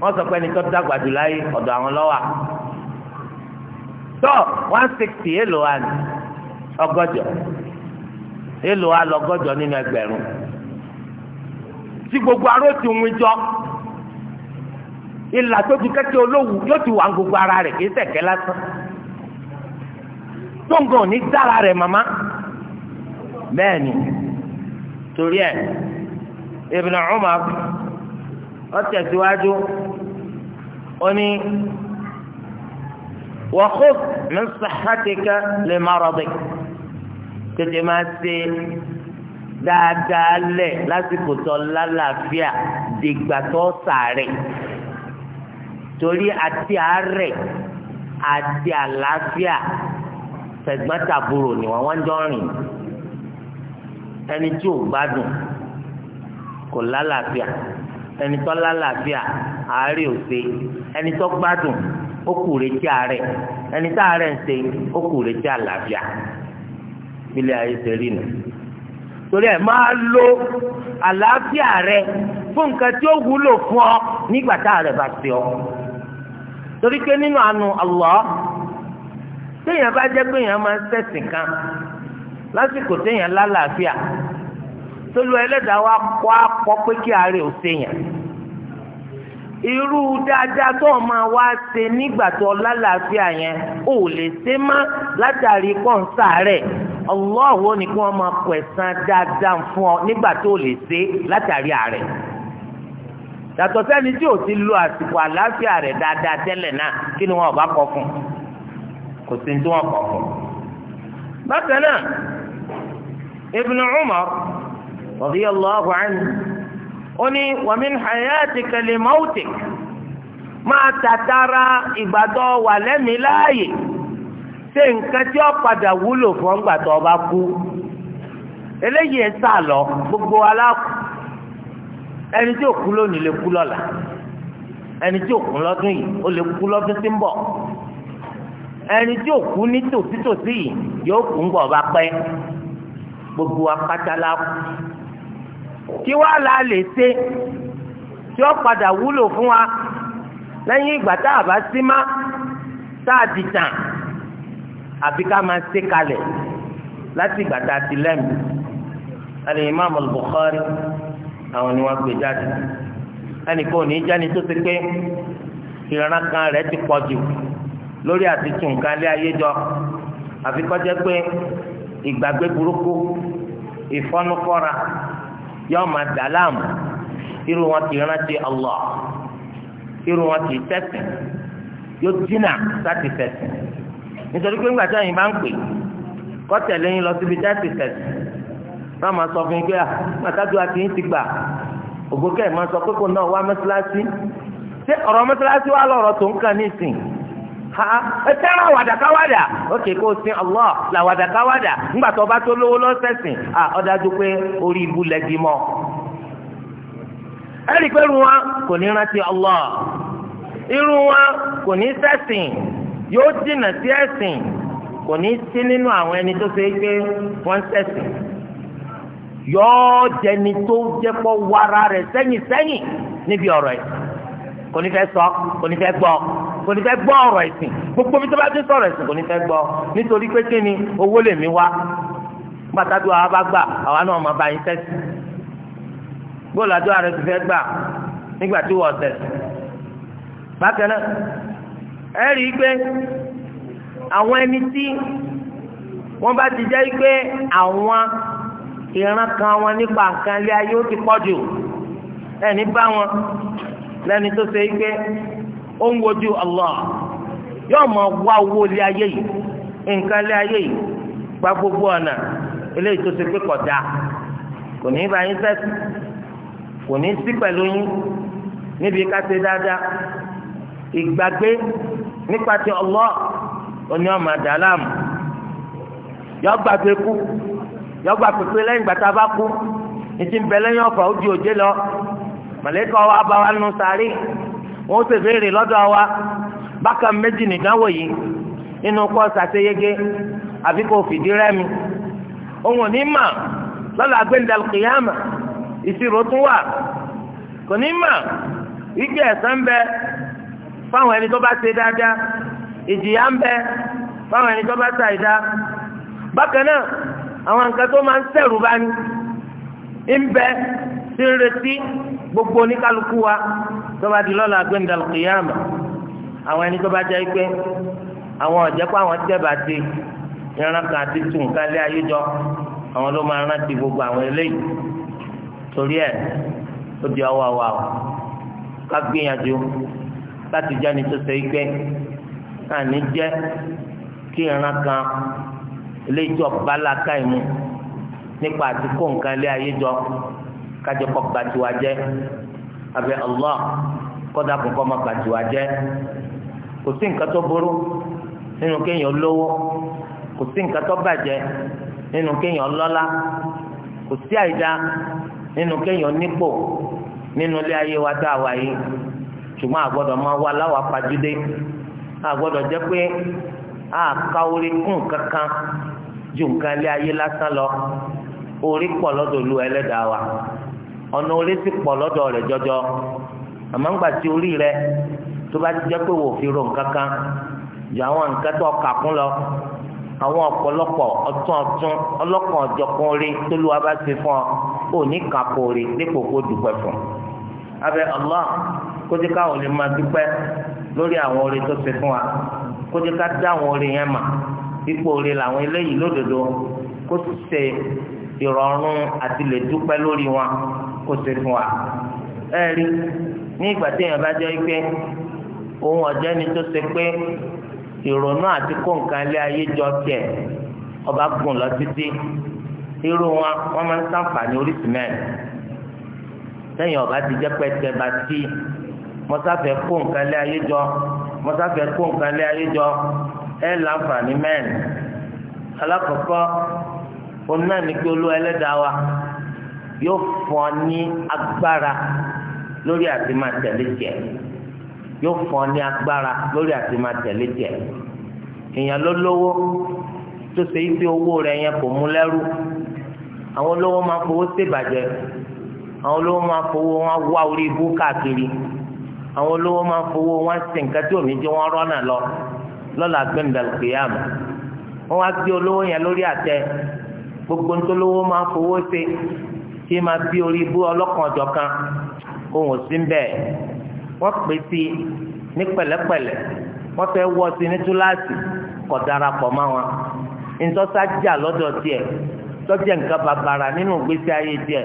wọ́n sọ pé ẹni tó dàgbà jù láyé ọ̀dọ̀ àwọn lọ́wà tó one sixty èlò wa ni ọgọ́jọ èlò wa lọ́gọ́jọ nínú ẹgbẹ̀rún tí gbogbo ara ó ti wín jọ ìlà tó fi kẹ́kẹ́ olówù yóò ti wà gbogbo ara rẹ̀ kì í ṣẹ̀kẹ́ lásán tóńgàn ní dára rẹ̀ màmá bẹ́ẹ̀ ni torí ẹ̀ Ibn Umar ó tẹ̀síwájú ó ní wa khudh min sihhatika li maradik tètè máa ṣe dáadáa lẹ̀ lásìkò tó lálàáfíà dìgbà tó sàárẹ̀ torí àti àárẹ̀ àti àlàáfíà tẹ̀gbọ́n-tàbúrò ni wọ́n wọ́n jọ rìn ẹni tí ò gbádùn kò lálàáfíà ẹni tó lálàáfíà àárẹ̀ ò ṣe ẹni tó gbádùn ó kù retí àárẹ̀ ẹni tá àárẹ̀ ń ṣe ó kù retí àlàáfíà ilé ayé ṣe rí nù. torí ẹ máa lo àlàáfíà rẹ fún nǹkan tí ó wúlò fún ọ nígbà tá a rẹ bá ti ọ torí pé nínú àánú Allah téèyàn bá jẹ́ pé èèyàn máa ń ṣẹ̀sìn kan lásìkò téèyàn lálàáfíà ẹlẹ́dàá wa kọ́ akọ pé kí ò irú dáadáa tó o máa wá ṣe nígbà o lálàáfíà yẹn ò lè ṣe má látàrí Allahu ni kí wọ́n máa pọ̀ ẹ̀san dáadáa fún ọ nígbà tó lè ṣe látàrí àárẹ̀ yàtọ̀ sẹ́ni tí ò ti lo àsìkò àlàáfíà rẹ̀ dáadáa tẹ́lẹ̀ náà kí ni wọn ò bá kọ fún kò sí ní tí wọn kọ fún. bákan náà Ibn Umar radiyallahu anhu ó ní wa min hayatika li mawtik máa tàtàrà ìgbàdọ̀ wà lẹ́mìí láàyè. ṣe nǹkan tí ó padà wúlò fún ọgbà tó ọba kú eléyìí ń lọ gbogbo aláàkú ẹni tí ò kú lónìí lè kú lọ́la ẹni tí ò kú lọ́dún yìí ó lè kú lọ́dún tí ń bọ̀ ẹni tí o kú ní tòsítòsí yìí yóò kú ń bọ̀ ọba pẹ́ gbogbo la lè ṣe tí ó padà wúlò fún wa lẹ́yìn ìgbà tá a bá sí má tá a àbí ká máa ṣe kalẹ̀ láti ìgbà tá a ti lẹ́mìí al-Imam al-Bukhari àwọn ni wọ́n gbé jáde ẹnìkan ò ní jáde tó ti pé ìran kan rẹ̀ ti pọ̀ jù lórí àti tún nǹkan lé ayé jọ àfi kó jẹ́ pé ìgbàgbé burúkú ìfọ́nufọ́ra yóò máa dà láàmú irú wọn kì rántí Allah irú wọn kì í yóò dínà láti tẹ̀sìn. nítorí pé ńgbà táyìn ń pè yín lọ síbi táìsì tẹ̀sì náà máa sọ fún yín pé à màtájú àti yín ti gbà ògbókè máa sọ pé kò náà wá mọ́sálásí ṣé ọ̀rọ̀ wà lọ́rọ̀ tó ń ha ẹ fẹ́ràn wàdàkáwàdà ókè o sin Allah la wàdàkáwàdà ńgbà bá tó lówó lọ́sẹ̀sìn à dájú pé orí ibu lẹ́gi mọ́ kò ní rántí irun yóò dènà sí ẹ̀sìn kò ní sí nínú àwọn ẹni tó ṣe é pé wọ́n ń ṣẹ̀sìn yóò jẹni tó jẹ́ pọ̀ wara rẹ̀ sẹ́yìn sẹ́yìn níbi ọ̀rọ̀ yìí kò ní fẹ́ sọ kò ní fẹ́ gbọ́ kò ní fẹ́ gbọ́ ọ̀rọ̀ ẹ̀sìn gbogbo mi tó bá ti sọ̀rọ̀ ẹ̀sìn kò ní fẹ́ gbọ́ nítorí pé kí owó lè mi wá pàtàkì àwa bá gbà àwa náà máa bá yín sẹ́sì bóòlù àdúrà rẹ ti fẹ́ gbà nígbà tí wọ́n sẹ́sì bákan náà ẹ rí i pé àwọn ẹni tí wọ́n bá ti jẹ́ pé àwọn ìran kan wọn nípa nǹkan ilé ayé ó ti pọ̀ jù ẹni bá wọn lẹ́ni tó ṣe pé ó ń wojú Allah yóò mọ wá owó ilé ayé yìí nǹkan ilé ayé yìí gbogbo ọ̀nà eléyìí tó ṣe pé kọjá kò ní bá yín sẹ́sì kò ní ìgbàgbé nípa ti Allah oní ọmọ àdàlámù yọ gbàgbé kú yọ gbà pípé lẹ́yìn gbàtà bá kú ìtì ń bẹ lẹ́yìn ọ̀fà ojú òjé lọ màlẹ́kọ̀ wa bá wa nù sàárì wọ́n sì béèrè lọ́dọ̀ wa bákan méjì nìdánwò yìí nínú kọ́ sàṣeyege àfi kò fìdí rẹ́mi òun ò ní mà lọ́la agbẹ́ndàlù kìyàmà ìṣirò tún wà kò ní mà ìgbẹ́ ẹ̀sán bẹ́ẹ̀ fáwọn ẹni tó bá ṣe dáadáa ìjìyà ń bẹ fáwọn ẹni tó bá ṣe àìdá bákan náà àwọn nǹkan tó máa ń ṣẹ̀rù bá ní ń bẹ tí ń retí gbogbo oníkálukú wa tó bá di lọ́la gbẹ̀ndàlù kìyàmà àwọn ẹni tó bá jẹ́ pé àwọn ọ̀jẹ́ pé àwọn tẹ̀bà ti ìran kan àti tù nǹkan lé ayé jọ àwọn ló máa rántí gbogbo àwọn eléyìí torí ẹ̀ ó di ọwọ́ wa ká gbìyànjú. láti jẹ́ ni tó ṣe àní jẹ́ kí ìran kan léjọ bálákà ìmú nípa àti kó nǹkan lé ayé jọ kájọ kọ́ gbàtiwa jẹ́ abẹ́ Allah kọ́dà kò kọ́ máa gbàtiwa jẹ́ kò sí nǹkan tó burú nínú kéèyàn lówó kò sí nǹkan tó bàjẹ́ nínú kéèyàn kò sí nínú kéèyàn a wà yìí. ṣùgbọ́n àgbọ́dọ̀ máa wá láwa pàjúdé àgbọ́dọ̀ jẹ́ pé àka orí kún kankan ju nǹkan ilé ayé lásán lọ orí pọ̀ lọ́dọ̀ lu ẹlẹ́dàá wa ọ̀nà orí sì pọ̀ lọ́dọ̀ rẹ̀ jọjọ àmọ́ ńgbà tí orí rẹ tó bá ti jẹ́ pé wò fi ro nǹkan kan ju àwọn nǹkan tó kà kún lọ àwọn ọ̀pọ̀lọpọ̀ ọ̀tún ọ̀tún ọlọ́kan ọ̀jọ̀kan orí tó lu wa bá ti fún ọ òní kàkó orí dípò kó dùpẹ́ fún abẹ Allah kó jẹ́ káwọn lè máa dúpẹ́ lórí àwọn oore tó ṣe fún wa kó ká dá àwọn oore yẹn mà ipò oore làwọn eléyìí lódodo kó sì ṣe àti lè lórí wọn kó ṣe fún wa. ẹ rí ní ìgbà tí ohun ọ̀jẹ́ ni tó ṣe jọ tiẹ̀ ọba gùn lọ títí irú wọn wọn máa ń lẹ́yìn ọ̀gá ti jẹ́ pẹ́tẹ́ bá ti mọ́sáfẹ́ kó nǹkan lé ayé jọ mọ́sáfẹ́ kó nǹkan lé ayé jọ ẹ̀ láǹfààní mẹ́rin alákọ̀ọ́kọ́ òun náà ní pé olú ẹlẹ́dàá wa yóò fún ní agbára lórí àti máa tẹ̀lé tiẹ̀ àwọn olówó máa fowó wọn wá orí ibú káàkiri àwọn olówó máa fowó wọn sìn nǹkan tí òní jẹ́ wọn rọ́nà lọ lọ́la gbẹ̀ndàlùkìyàmù wọn wá gbé olówó yẹn lórí àtẹ gbogbo ntolówó máa fowó ṣe kí máa bí orí ibú ọlọ́kan ọ̀jọ̀kan ohun òsì ń bẹ̀ wọ́n pè sí ní pẹ̀lẹ́pẹ̀lẹ́ wọ́n fẹ́ wọ́ sí ní túláàsì kọ̀ darapọ̀ mọ́ wọn ntọ́sá jà lọ́dọ̀ tiẹ̀ tọ́jú nǹkan bàbàrà nínú ìgbésí ayé tiẹ̀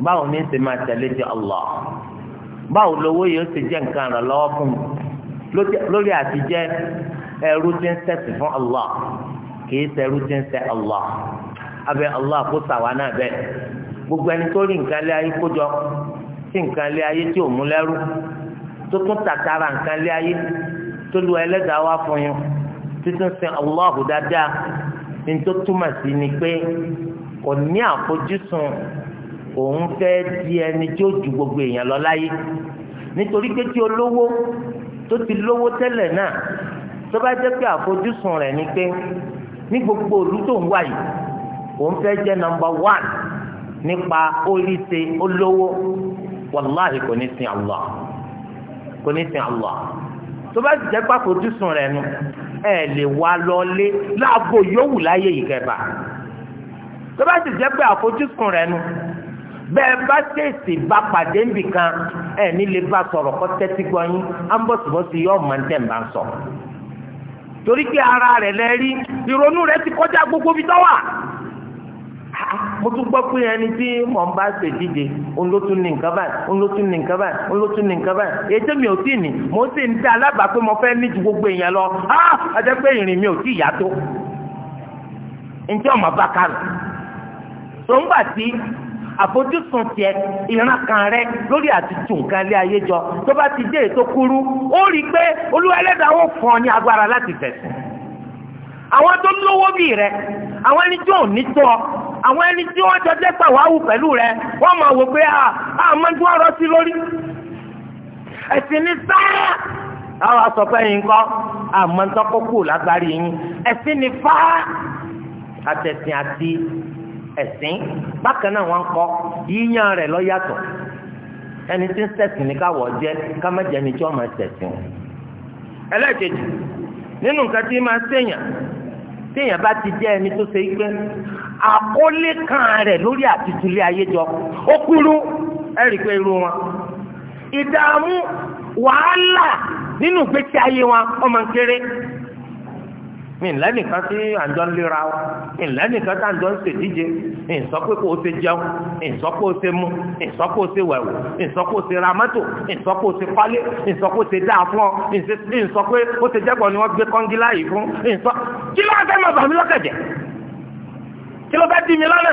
báwo ni ṣe máa tẹ̀lé ti Allah báwo lówó yìí ó ṣe jẹ́ nǹkan ìrànlọ́wọ́ fún lórí àtijẹ́ ẹrú tí ń Allah kìí ṣe ẹrú Allah abẹ́ Allah kó sàwa náà bẹ́ẹ̀ gbogbo ẹni tó rí nǹkan lé ayé kójọ sí nǹkan lé ayé tí ò mú lẹ́rú tó tún tàtàrà nǹkan lé ayé tó lu ẹlẹ́dàá wá fún yín títún Allah dáadáa ní tó túmọ̀ sí ni pé kò ní àfojúsùn òun fẹ́ di ẹni tí ó ju gbogbo èèyàn lọ láyé nítorí pé tí olówó tó ti lówó tẹ́lẹ̀ náà tó bá jẹ́ pé àfojúsùn rẹ̀ ni pé ní gbogbo òlú tó ń wáyé òun fẹ́ jẹ́ nọ́mbà wán nípa oríṣi olówó wàláhì kò ní sin Allah kò ní sin Allah tó bá jẹ́ pé àfojúsùn rẹ̀ nu ẹ lè wá lọlé láàbò yòówù láyé yìí kẹfà tó bá sì jẹ́ pé àfojúsùn rẹ̀ nu bẹ́ẹ̀ bá tèsì bá pàdé nbìkan ẹ̀ nílé bá sọ̀rọ̀ kọ́ tẹ́tí gbọ́ yín yọ ọ̀mọ̀ ń ń sọ. torí pé ara rẹ̀ lẹ rí ìrònú rẹ̀ ti kọjá gbogbo bí tọ́wà. mo tún gbọ́ pé ẹni tí mò ń bá ṣe díje òun ló nǹkan báyìí olótú ló nǹkan báyìí òun ló nǹkan báyìí èyí tẹ́mi ò tí ì mo sì ń dá alábàá pé mo fẹ́ ní ju gbogbo èèyàn lọ àjẹ́ pé ìrìn mi ò tí ọmọ bá àfojúsùn tiẹ̀ ìran kan rẹ lórí àti tù nǹkan lé ayé jọ tó bá ti dé ètò kúrú ó rí i pé olúwa ẹlẹ́dàá ó fún ọ ní agbára láti fẹ̀sùn àwọn tó lówó bí rẹ àwọn ẹni tó ní tó ọ àwọn ẹni tí wọ́n jọ jẹ́ pàwáwù pẹ̀lú rẹ wọ́n máa wò pé àmọ́ tí wọ́n rọ sí lórí ẹ̀sìn ní sáà àwọn asọ̀pẹ́ yìí ń kọ́ àmọ́ ń tọ́kọ́ kù lágbárí yín ẹ̀sìn ní fáà àtẹ̀sìn àti ẹ̀sìn bákan náà wọn kọ yíyan rẹ lọ yàtọ̀ ẹni tí ń ṣẹ̀sìn ní ká má tí máa ẹlẹ́ẹ̀kejì nínú nǹkan tí máa bá ti ẹni tó ṣe pé àkólé kan rẹ̀ lórí àtìtúlé ó kúrú pé irú wọn. ìdààmú wàhálà nínú ìgbésí ayé wọn ọmọ ìlànìkan tí àjọ ń lera ọ ìlànìkan tí àjọ ń ṣèdíje ìsọpé kò ṣe jẹun ìsọpé kò ṣe mu ìsọpé kò ṣe wẹ̀wù ìsọpé kò ṣe ra mọ́tò ìsọpé kò ṣe pálé ìsọpé kò ṣe dáa fún ọ ìsọpé kò ṣe jẹ́gbọ̀n ni wọ́n gbé kọ́ngílá yìí fún ìsọ kí ló ń fẹ́ máa bà mí lọ́kẹ̀jẹ̀ kí ló fẹ́ dì mí lọ́nà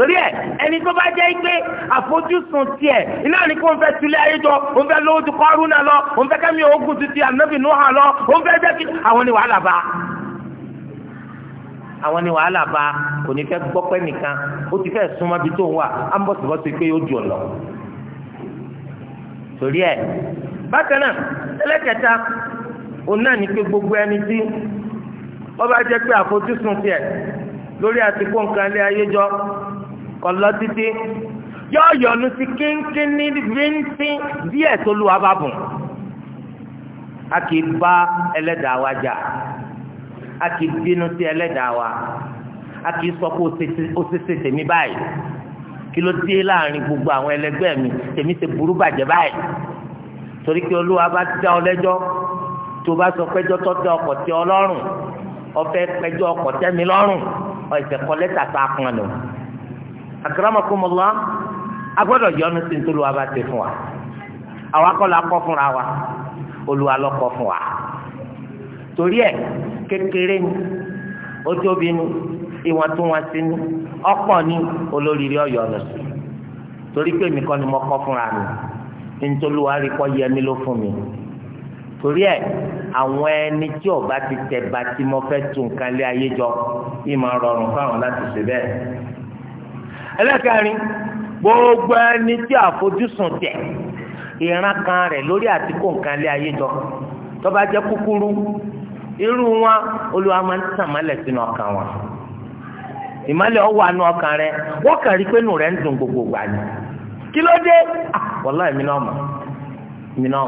torí ẹ ẹni tó bá jẹ́ pé àfojúsùn tiẹ̀ iná ní kí wọ́n fẹ́ tulẹ̀ ayé jọ wọ́n fẹ́ lówó ju Kọ́rúnà lọ wọ́n fẹ́ kẹ́mi ogun ti ti ànábì Núhà lọ wọ́n fẹ́ jẹ́ kí àwọn ni wàhálà bá àwọn ni wàhálà bá kò ní fẹ́ gbọ́pẹ́ nìkan ó ti fẹ́ súnmọ́ bí tó ń wà á ń bọ̀ síbọ̀ sí pé yóò jù ọ lọ torí ẹ bákan náà ẹlẹ́kẹta òun náà ní pé gbogbo ẹni tí wọ́n bá jẹ́ pé àfojúsùn tiẹ̀ lórí àtikó nǹkan lé ayé kọlọ títí yóò yọnu sí kínkín ní bíntín díẹ̀ tó lu ababùn a kì í bá ẹlẹ́dàá wa jà a kì í bínú sí ẹlẹ́dàá wa a kì í sọ pé ó ṣeṣe tèmi báyìí kí ló dé láàrin gbogbo àwọn ẹlẹgbẹ́ mi tèmi ti burú bàjẹ́ báyìí torí pé olúwa bá dá ọ lẹ́jọ́ tó bá sọ pẹ́jọ́ tó dá ọkọ̀ tẹ́ ọ lọ́rùn ọfẹ́ pẹ́jọ́ ọkọ̀ tẹ́ mi lọ́rùn ọ̀ ìṣẹ̀kọ́ lẹ́tà tá a kan lọ akramakumullah agbọ́dọ̀ yọnu sí nítorí wa bá ti fún wa àwa kọ́ la kọ́ fúnra wa Olúwa ló kọ́ fún wa torí ẹ̀ kékeré ni ó tóbi ni ìwọ̀ntúnwọ̀nsí ni ọ̀pọ̀ ni olóríire ọ̀yọ̀nù sí torí pé èmi kọ́ ni mo kọ́ fúnra mi nítorí wa rí kọ́ yẹ mi ló fún mi torí ẹ àwọn ẹni tí ọba ti tẹ̀ bá tí mo fẹ́ tún nǹkan lé ayé jọ ìmọ̀ rọrùn fáwọn láti ṣe bẹ́ẹ̀. ẹlẹ́kẹ̀rin gbogbo ẹni tí àfojúsùn tẹ̀ ìran kan rẹ̀ lórí àtikó nǹkan lé ayé jọ tó jẹ́ kúkúrú irú wọn olúwa máa ń tàn mọ́lẹ̀ sínú ọkàn wọn ìmọ́lẹ̀ ọwọ́ àánú ọkàn rẹ wọ́n kàn rí nù rẹ̀ ń gbogbo gbà ní. kí ló dé wọ́lá náà mọ̀ náà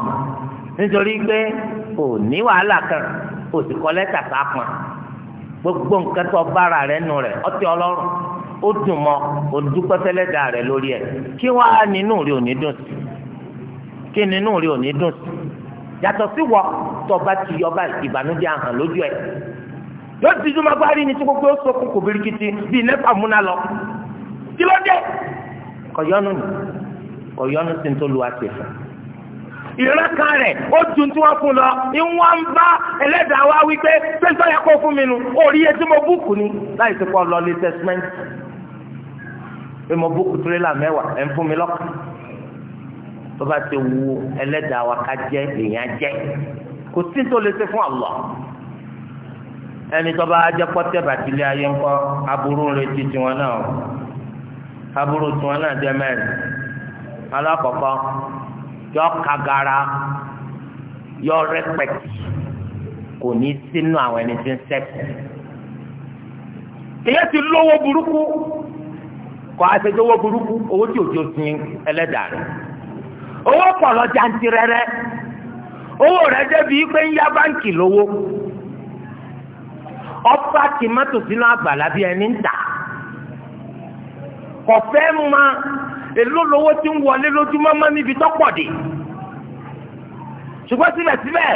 mọ̀ gbogbo nǹkan ó dùn mọ́ ó dúpẹ́ fẹ́lẹ́ dà rẹ̀ lórí ẹ̀ kí wọ́n á nínú rí òní dùn sí kí nínú rí òní dùn sí yàtọ̀ sí wọ tọba ti yọba ìbànújẹ́ àhàn lójú ẹ̀ yóò ti dùn máa gbárí ni tí gbogbo ó sọkún kò birikiti bíi nẹ́fà múná lọ kí ló dé kọ̀yọ́nù kọ̀yọ́nù sí ní tó lu àtẹ̀fẹ́ ìran kan rẹ̀ ó ju tí wọ́n fún lọ ìwọ́n ń bá ẹlẹ́dàá wa wípé pé sọ́yà kó fún mi nu orí etí mo búùkù ni láì sí pọ̀ lọ lé tẹ́símẹ́ǹtì pé mo búkú tirẹ́là mẹ́wàá ẹ̀ ń fún mi lọ́kàn tó bá ti wu ẹlẹ́dàá wa ká jẹ́ èèyàn jẹ́ kò sí tó lè ṣe fún Allah ẹni tó bá jẹ́ pọ́tẹ́ bàtílé ayé ńkọ́ aburú ń retí tiwọn náà aburú tiwọn náà jẹ́ mẹ́rin alákọ̀ọ́kọ́ yọ kagara yọ rẹpẹtì kò ní sínú àwọn ẹni tí ń sẹ́kù. èyí ti lówó burúkú. kọ́ wọ burúkú owó tí òjò sin ẹlẹ́dàá rẹ̀ owó pọ̀ rẹ owó rẹ̀ débi pé ń yá báǹkì lówó ọba bí ẹni ń tà ma èló lówó ti ń wọlé lójúmọ́ mọ́ níbi tọ́pọ̀ dé ṣùgbọ́n síbẹ̀síbẹ̀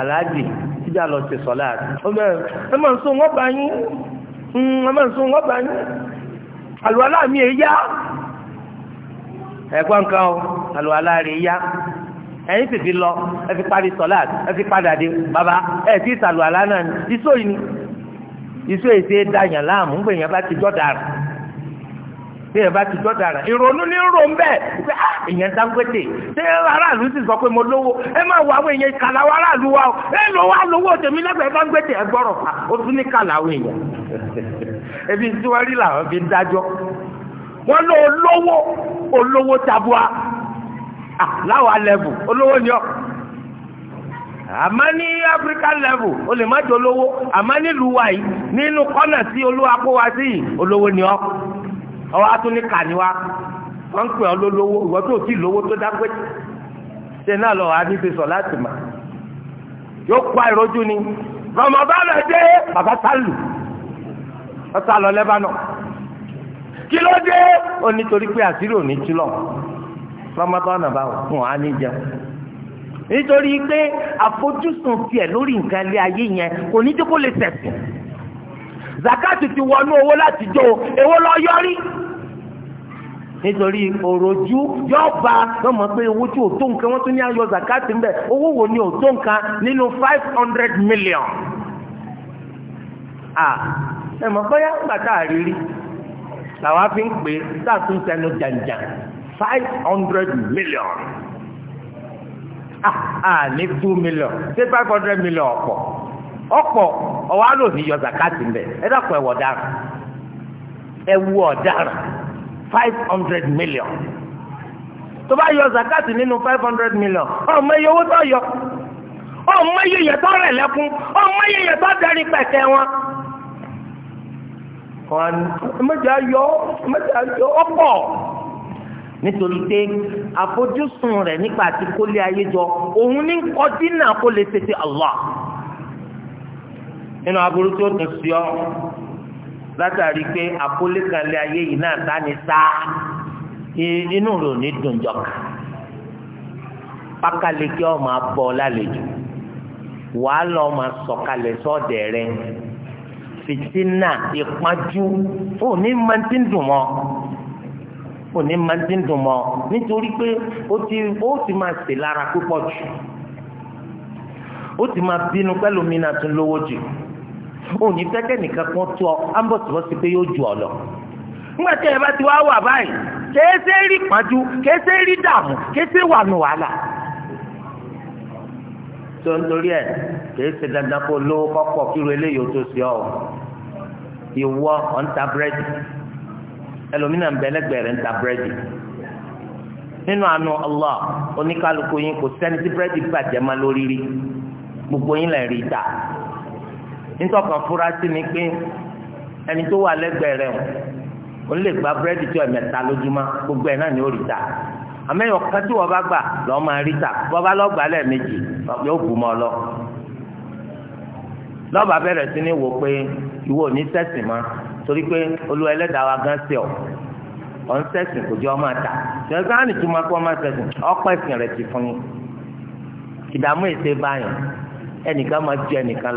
aláàjì ti sọ̀lá ẹ máa ń sún wọ́n bá yín hmm, ẹ máa ń sún wọ́n bá yín. àlùwàlá mi è yá ẹ̀gbọ́n nǹkan o àlùwàlá rẹ̀ yá ẹ̀yin sì fi lọ ẹ fi parí sọ́láàt ẹ fi padà dé bàbá ẹ̀ tí ìsàlùwàlá náà ní iṣó yìí ní iṣó èsè dáyàn láàmú gbèyàn bá ti jọ́ dàrú. bí ẹ bá ti dọ́dà rà ìrònú ní rò ń bẹ́ẹ̀ pé ah èèyàn ṣé aráàlú sọ pé mo lówó ẹ máa wọ àwọn èèyàn kàlàwọ aráàlú wa o ẹ lọ wá lówó tèmi lẹ́gbẹ̀ẹ́ Dangote ẹ gbọ́rọ̀ fà ó tún ní èèyàn ebi tí wọ́n rí làwọn fi ń dájọ́ wọ́n lọ olówó olówó tabua ah, láwọn alẹ́bù ni àmọ́ ní African level o lè má jọ olówó àmọ́ nílùú wa yìí nínú kọ́nà sí wa sí ọwọ́ atún ní kàníwá wọ́n ń pè ọ́ lólówó ìwọ tó ti lówó tó dágbé ṣe náà lọ́wọ́ àdìsí sọ láti mà yóò pa ìrojú ni rọmọbánà dé bàbá sálù ọ̀sà lọ lẹ́bánà kí ló dé ó nítorí pé àṣírí òní tú lọ rọmọbánà bá fún wa ní jẹun nítorí pé àfojúsùn tiẹ̀ lórí nǹkan ilé ayé yẹn kò ní tó kó lè tẹ̀sìn zakati ti wọnú owó láti jó owó lọ yọrí nítorí òròjú yọba wọ́n mọ̀ pé owó tí ò tó nǹkan wọ́n tún ní ayọ̀ zakati ń bẹ̀ owó wo ni ò tó nǹkan nínú five hundred million. ẹ mọ̀ bóyá gbàtà àrírí làwa fi ń pè é sáàtún sẹnu jàǹjà five hundred million ah ah ní two million ṣé five hundred million ọ̀pọ̀ ọ̀pọ̀ ọ̀wá lò ní yọ zakati ń bẹ̀ ẹ dàpọ̀ ẹ̀wọ̀ dára ẹ̀wọ̀ dára five hundred million tó bá yọ zakati nínú five hundred million ọmọ iye owó tó yọ ọmọ iye yẹn tó rẹ̀ lẹ́kún ọmọ iye yẹn tó darí pẹ̀kẹ́ wọn. wọn ẹmẹjọ ayọ ẹmẹjọ ayọ ọ̀pọ̀ nítorí pé àfojúsùn rẹ̀ nípa àti kólé ayé jọ òun ní kọdínà kó lè tètè Allah nínú aburú tó tún sí ọ látàrí pé àkólé kan lé ayé yìí náà tá ni sá inú rò ní dùnjọkà pákàlẹ́kẹ́ ọmọ abọ́ lálejò wàá lọ máa sọ̀kalẹ̀ sọ́ọ̀dẹ̀ rẹ fìtínà ìpájú òní máa ti ń dùn mọ́ òní máa ti ń dùn mọ́ nítorí pé ó ti ó ti máa sè lára púpọ̀ jù ó ti máa bínú pẹ́lú mi náà tún lówó jù ò ní fẹ́kẹ́ nìkan kan tó ọ ambọ̀tìbọ́sí pé yóò ju ọ lọ. nígbà tí ẹ bá ti wá wà báyìí kéésẹ́ rí pàjù kéésẹ́ rí dààmú kéésẹ́ wà nù wàhálà. tó ń torí ẹ kéésẹ́ dandan kó lówó kọ́kọ́ kíru eléyìí ó tó sí ọ ìwọ ọ̀ ń ta búrẹ́dì ẹlòmínà ń bẹ lẹ́gbẹ̀ẹ́ ń ta búrẹ́dì nínú àánú Allah oníkálukú yín kò sẹ́ni tí búrẹ́dì bàjẹ́ má lórí rí gbogbo yín lè rí nítọ́kàn fúrásì ni pé ẹni tó wà lẹ́gbẹ̀ẹ́ rẹ̀ o lè gba búrẹ́dì tó ẹ̀mẹ́ta lójúmọ́ gbogbo ẹ̀ náà ni ó rí ta àmẹ́yọ̀ kan tí wọ́n bá gbà lọ́ọ́ máa rí ta bọ́ba lọ́gbàá lẹ́ẹ̀mejì yóò bù mọ́ ọ lọ lọ́ba bẹ̀rẹ̀ sí ni wò pé ìwọ ò ní sẹ́sìn mọ́ torí pé olú ẹlẹ́dàá wa gan sí ọ ọ̀ ń sẹ́sìn kò jẹ́ ọmọ àtà ṣẹ̀dá ni tó máa kó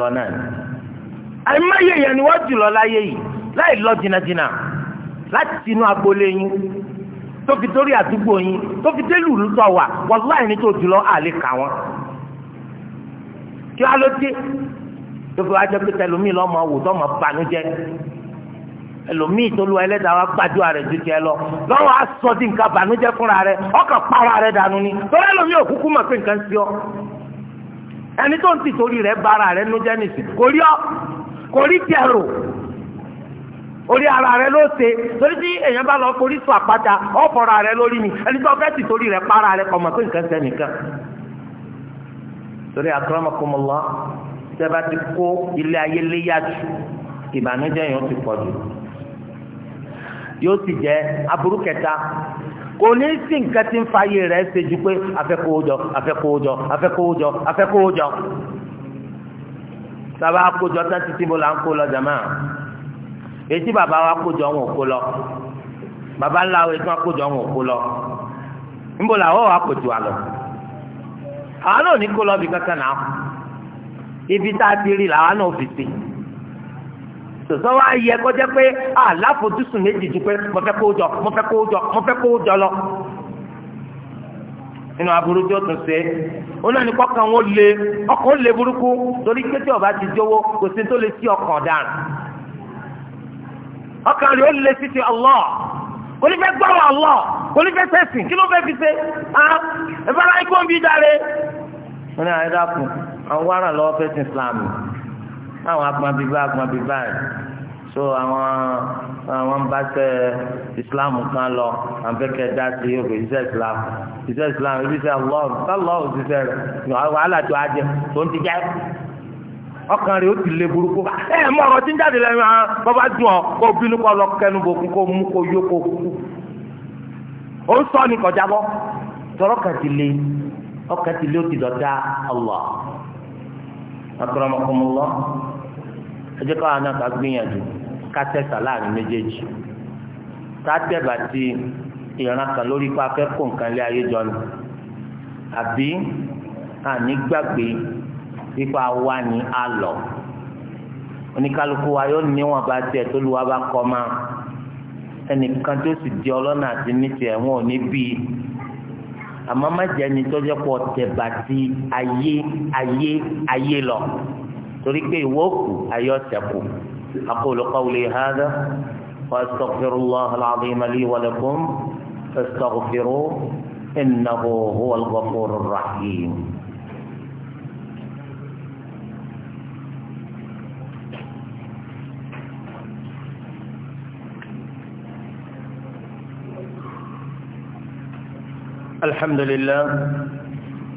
àìmáyé èèyàn ni wọ́n jùlọ láyé yìí láì lọ jìnnàjìnnà láti inú agboolé yín tó fi àdúgbò yín tó fi délù lùtọ̀ wà láì ní tó jùlọ àlè wọ́n. kí wàá ló dé tó wá jẹ́ pé tẹlómi lọ́mọ wò tọ́mọ banújẹ́ ẹlẹ́dàá gbàdúrà rẹ̀ ju tiẹ̀ lọ lọ́wọ́ asọ́dí nǹkan bànújẹ́ fúnra rẹ̀ ni òkúkú mọ̀ pé nǹkan sí ọ ẹni tó ń tì torí rẹ̀ bára rẹ̀ nújẹ́ forí a orí ara rẹ ló ṣe torí tí èèyàn bá lọ forí sùn àpáta ọ̀fọ̀ra rẹ lórí mi ẹni tó torí rẹ para rẹ kọ̀ mọ̀ pé nǹkan ṣe nìkan torí sẹba ti kó ilé ayé sábà kójọ tán títí bó la ń kó lọ jàmá etí bàbá wa kójọ wọn ò kó lọ bàbá ńlá wa etí wọn kójọ wọn ò kó lọ ńbọ làwọn wà kótó àlọ àwọn náà ní kó lọ bí kankan náà ibi tá a ti rí làwọn náà fi sí sọsọ wa yẹ kọjá pé àlàfo túsùn méjì ju pé mo fẹ́ kó jọ mo fẹ́ kó jọ mo fẹ́ kó jọ lọ. nínú aburú tí ó tún ṣe ó náà ní kọ́kàn wọn lé ọkàn ó lé burúkú torí kété ọba ti jówó kò sí tó lè sí ọkàn dànù ọkàn rẹ̀ ó lè sí ti Allah kò ní fẹ́ gbọ́rọ̀ Allah kò ní fẹ́ sẹ́sìn kí ló fẹ́ fi ṣe ẹ fara ikú ń bí dáre. wọ́n ní àyẹ̀dá kù àwọn wàrà lọ́wọ́ fẹ́ sin Islam àwọn agbọ̀n bíbá agbọ̀n bíbá so àwọn àwọn bá tẹ islam kan lọ àbẹ̀kẹ́ dá sí yóò fi iṣẹ́ islam iṣẹ́ islam ibi iṣẹ́ allah allah ò ṣiṣẹ́ rẹ̀ wàhálà tó ajẹ tó ń ti jẹ́ ọkàn rẹ̀ ó ti lé burúkú ẹ mọ ọ̀rọ̀ tí ń jáde lẹ́nu àwọn bàbá dùn ọ kó bínú kó lọ kẹnu bòkun kó mú kó yó kó kú ó ń sọ ní kọjá bọ́ tọrọ kàtìlé ọkàtìlé ó ti dọ̀tá allah akramakumullah ẹ jẹ́ káwọn náà ká gbìyànjú ká tẹ̀sà láàrin méjèèjì ká tẹ̀bà ti ìran kan lórí ipa fẹ́ kó nǹkan lé ayé jọ ni àbí àní gbàgbé ipa wa ni a lọ oníkálukú wa yóò níwọ̀n bá tiẹ̀ tó lu wa bá kọ́ máa ẹnìkan tó sì di ọlọ́nà àti ní wọn ò ní bí àmọ́ má jẹ́ ẹni tó tẹ̀bà ti ayé ayé ayé lọ. torí pé ìwọ kù ayọ̀ tẹ̀kù aqulu qawli hadha wa astaghfirullaha al-azima li wa lakum fastaghfiru innahu huwal ghafurur rahim. الحمد لله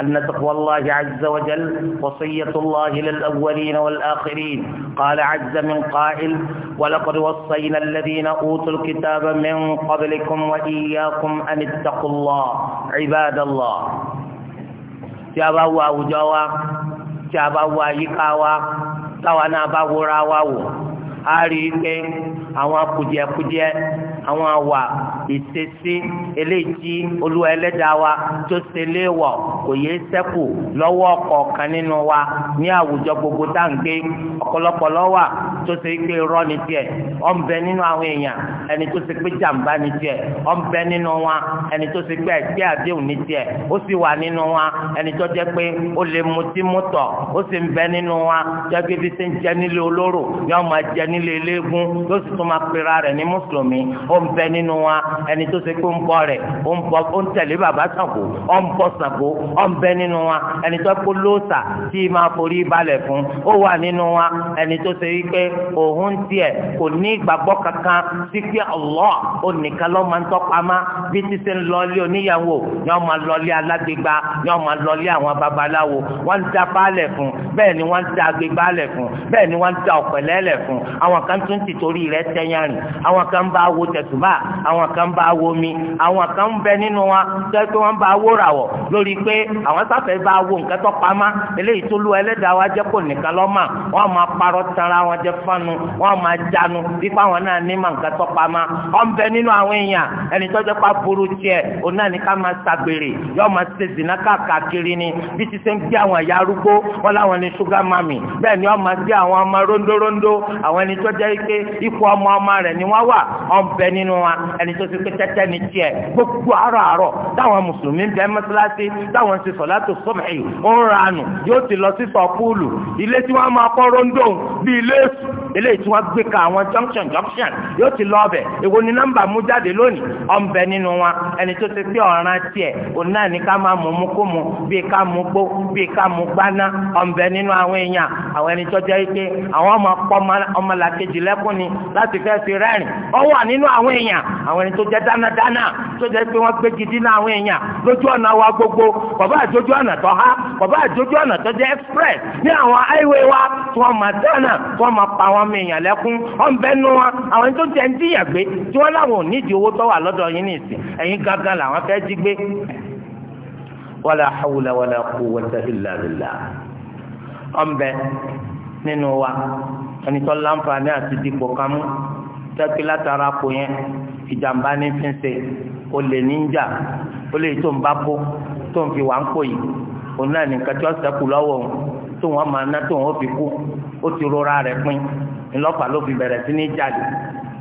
أن تقوى الله عز وجل وصية الله للأولين والآخرين قال عز من قائل ولقد وصينا الذين أوتوا الكتاب من قبلكم وإياكم أن اتقوا الله عباد الله جابا a bá wo àwùjọ wa tí a bá wo أن wa táwa náà ìṣesí eléyìí olúwa ẹlẹ́dàá wa tó ṣe léèwọ̀ kò yé sẹ́kù lọ́wọ́ kọ̀ọ̀kan nínú wa ní àwùjọ gbogbo tá à ń gbé ọ̀pọ̀lọpọ̀ lọ́wà tó ṣe pé irọ́ ni tiẹ̀ ọ̀nbẹ nínú àwọn èèyàn ẹni tó ṣe pé jàǹbá ni tiẹ̀ ọ̀nbẹ nínú wa ẹni tó ṣe pé ẹ̀ṣẹ̀ àdéhùn ni tiẹ̀ ó sì wà nínú wa ẹni tó jẹ́ pé ó lè mutí mútọ̀ ó sì ń bẹ nínú wa jẹ́gbẹ́ ẹni tó ṣe pé ń bọ rẹ̀ ó ń bọ ó ń tẹ̀lé bàbá Ṣàngó ó ń bọ Ṣàngó ó ń bẹ nínú wa ẹni tó kó lóòṣà tí máa forí balẹ̀ fún ó wà nínú wa ẹni tó ṣe wípé òun tiẹ̀ kò ní ìgbàgbọ́ kankan sí pé Allah onìkan ló máa ń tọ́pamá bí ti ṣe ń lọlé oníyàwó ni wọ́n máa lọlé alágbègbà ni wọ́n máa lọlé àwọn babaláwo wọ́n ń da baálẹ̀ fún bẹ́ẹ̀ ni wọ́n ń da agbègbà lẹ̀ fún bẹ́ẹ̀ ni wọ́n ń da ọ̀pẹ̀lẹ́ lẹ̀ fún àwọn kan tún ti torí rẹ̀ tẹ́yàn rìn àwọn kan bá wo tẹ̀sùbà àwọn kan ń bá wo mi àwọn kan ń bẹ nínú wa jẹ́ pé wọ́n ń bá wo rà wọ̀ lórí pé àwọn sáfẹ́ bá wo nǹkan tó pamá eléyìí tó lu ẹlẹ́dàá wa jẹ́ kó nìkan lọ́mà wọ́n máa parọ́ tanra wọn jẹ́ fánu wọ́n máa jánu wípé àwọn náà ní mà nǹkan tó pamá ọ̀ ń bẹ nínú àwọn èèyàn ẹni tó jẹ́ pa burú tiẹ̀ òun náà ní ká máa ṣàgbèrè yóò máa ṣe zìnà káàkiri ni bí ti ṣe ń gbé àwọn ẹ̀yà arúgbó wọn láwọn ní ṣúgà mami bẹ́ẹ̀ ni wọ́n máa gbé àwọn ọmọ rondórondó àwọn ẹni tó jẹ́ pé ipò ọmọ ọmọ rẹ̀ ni wọ́n wà ọ̀ ń bẹ nínú wa ẹni tó ti ṣe pé tẹ́tẹ́ ni tiẹ̀ gbogbo àárọ̀ àárọ̀ táwọn mùsùlùmí ń bẹ mọ́sálásí táwọn ṣe sọ̀látò sọ́mẹ̀ẹ́yì ó ń ranù yóò ti lọ sí sọ púùlù ilé tí wọ́n máa kọ́ róńdò bíi ilé sùn eléyìí tí wọ́n gbé ka àwọn junction junction yóò ti lọ ọbẹ̀ èwo ni nọ́mbà mú jáde lónìí ọ̀nbẹ nínú wa ẹni tó ti pé ọ̀ràn tiẹ̀ òun náà ní ká máa mú mú kó mu bíi ká mú gbó bíi ká mú gbaná ọ̀nbẹ nínú àwọn èèyàn àwọn ẹni tó jẹ́ ike àwọn ọmọ pọ́ ọmọlàkejì lẹ́kùn ni láti fẹ́ fi rẹ́rìn ọ wà nínú àwọn èèyàn àwọn ẹni tó jẹ́ dánadáná tó jẹ́ pé wọ́n gbé gidi ní àwọn èèyàn lójú ọ̀nà wa gbogbo bàbá àjójú ọ̀nà tó há bàbá àjójú ọ̀nà tó jẹ́ express ní àwọn highway wa tí wọ́n máa dáná tí wọ́n máa pa wọn ọmọ èèyàn lẹ́kún ọ̀nbẹ nu wọn àwọn tó tẹ̀ ń díyàn gbé tí wọ́n láwọn ò nídìí owó tó wà lọ́dọ̀ yín nìsín ẹ̀yin gángan làwọn fẹ́ jí gbé. wala hawla wala quwwata illa billah ọ̀nbẹ nínú wa ẹni tó láǹfààní àti dìpọ̀ kamú tẹ́kí látara kò yẹn ìjàmbá ní fi o lè níjà o lè tó ń bá kó tó ń fi wà ń kó yìí òun náà nìkan tí wọ́n sẹ́kù lọ́wọ́ òun tó wọ́n máa ná tó wọ́n fi kú ó ti rora rẹ̀ pin ńlọ́pàá ló fi bẹ̀rẹ̀ sí ní jáde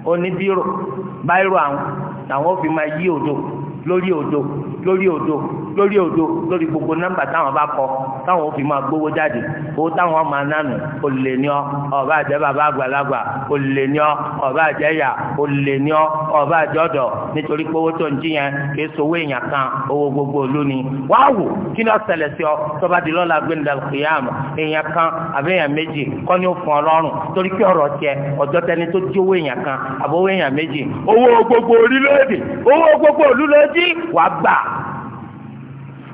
ó ní bírò báírò àwọn làwọn ó fi máa yí òdo lórí odo, lórí odo, lórí odo, lórí gbogbo nọ́mbà táwọn bá kọ táwọn ò fi máa gbowó jáde owó táwọn máa nánu olè ní ọ ọba àjẹ bàbá àgbàlagbà olè ní ọ ọba àjẹ yà olè ní ọ ọba àjẹ ọdọ nítorí pé owó tó ń jí yẹn kì í sowó èèyàn kan owó gbogbo òlu ni wàá wò kí ni ọ̀sẹ̀lẹ̀ sí ọ tọ́ba di lọ́la gbẹ̀ndàlùkìyàmù èèyàn kan àbí èèyàn méjì kọ́ ni ó fún torí pé ọ̀rọ̀ tiẹ̀ ọjọ́ tẹni tó jí rántí wàá gbà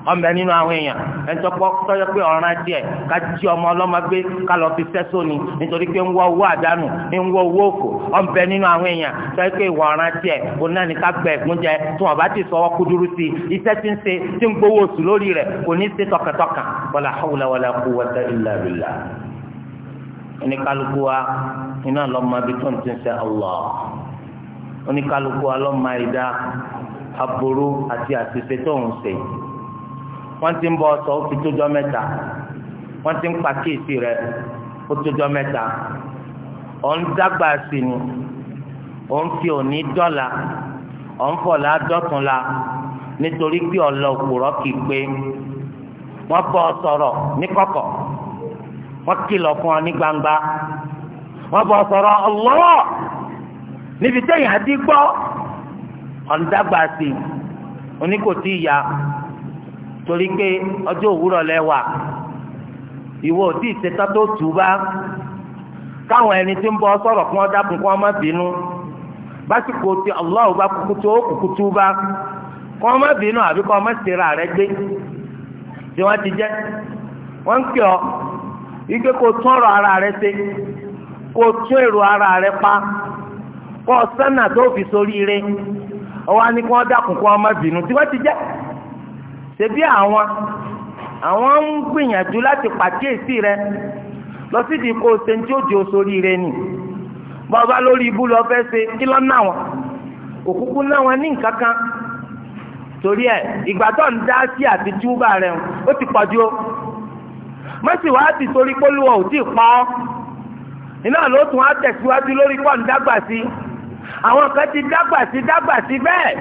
ọmọ ẹ nínú àwọn èèyàn ẹnitọ́pọ̀ tọ́jọ́ pé ọ̀ràn díẹ̀ ká ọmọ ọlọ́mọ gbé fi ni nítorí pé ń wọ owó àdánù ń wọ owó òkò ọmọ ẹ àwọn èèyàn tọ́jọ́ pé ìwọ ise díẹ̀ kò náà ní ká gbẹ jẹ ti sọ ọkú dúró sí tí ń ṣe tí ń gbowó oṣù lórí kò ní ṣe tọkàntọkàn wala hawla wala quwwata illa billah aburú àti àṣìṣe tó ń ṣe wọ́n ti ń bọ ọsọ ó fi tójọ́ mẹ́ta wọ́n ti ń pa kéèsì rẹ̀ ó tójọ́ mẹ́ta òun dàgbà sí ni òun fi òní dọ́là òun fọ̀lá dọ́tunla nítorí pé ọ̀lọ́ òpùrọ́ kìí pé wọ́n bọ́ ọ sọ̀rọ̀ ní kọ̀kọ̀ wọ́n kìlọ̀ fún ọ ní gbangba wọ́n bọ́ ọ sọ̀rọ̀ ọlọ́ọ̀ níbi tẹ́yìn àdígbọ́ ọ̀ndàgbà sí i oní kò tí ì ya torí pé ọjọ́ òwúrọ̀ lẹ́wà ìwọ ò tí ì ṣetán tó tù bá káwọn ẹni tí ń bọ sọ̀rọ̀ kí wọ́n dákun kí wọ́n má bínú básìkò tí Allah bá kúkú tó kúkú tú bá kí wọ́n má bínú àbí kí wọ́n má ṣera rẹ gbé tí wọ́n ti jẹ́ wọ́n ń ike kò tún ọ̀rọ̀ ara rẹ ṣe kò tún èrò ara rẹ pa kò sánà tó fi sórí rẹ. ọwọ́ á kí wọ́n dákun kí wọ́n má bínú tí wọ́n ti jẹ́ ṣebí àwọn àwọn ń gbìyànjú láti pàkíyèsí rẹ lọ sí di kó o rẹ nì bàbá lórí ibú lọ fẹ́ ṣe kí lọ́ wọn òkúkú o ti pólúwọ̀ ò tí ì pa ọ́ iná ló tún á tẹ̀síwájú lórí sí i. àwọn kan ti dàgbà sí dàgbà sí bẹ́ẹ̀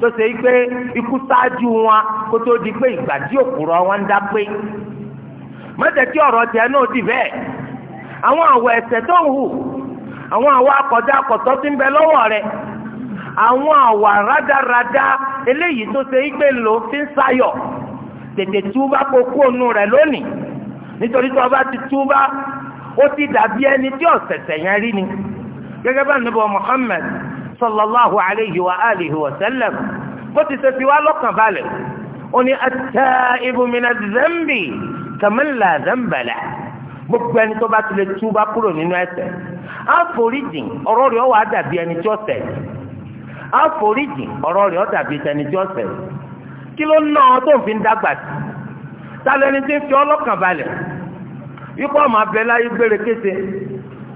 tó ṣe pé ikú ṣáájú wọn kó tó di pé ìgbà tí òkúrọ̀ wọn ń dá pé mọ́tẹ̀tí ọ̀rọ̀ tiẹ̀ náà dì bẹ́ẹ̀ àwọn àwọ̀ ẹ̀ṣẹ̀ tó ń hù àwọn àwọ̀ akọ̀dá akọ̀tọ́ ti ń bẹ lọ́wọ́ rẹ̀ àwọn àwọ̀ rádaràda eléyìí tó ṣe pé ló fi ń sayọ̀ tètè túbá kó kú ònu rẹ̀ lónìí nítorí tí wọ́n bá ti túbá ó ti dàbí ẹni tí ọ̀sẹ̀sẹ̀ yẹn rí ni gẹ́gẹ́ bá níbọ̀ Muhammad sallallahu alayhi wa alihi wa sallam bó ti ṣe fi wá lọ́kàn balẹ̀ ó ní at-ta'ibu min adh-dhanbi kaman la dhanba lahu gbogbo ẹni tó bá ti lè túbá kúrò nínú ẹ̀ṣẹ̀ àforíjìn ọ̀rọ̀ rẹ̀ ó dàbí ẹni tí ó ṣẹ̀ àforíjìn ọ̀rọ̀ rẹ̀ ó dàbí ẹni tí ó ṣẹ̀ kí ló ná ọ tó ń fi ń dàgbà sí ta lẹni tí ń fi ọlọ́kàn balẹ̀ yípo ọmọ abẹ́lá yí gbére kése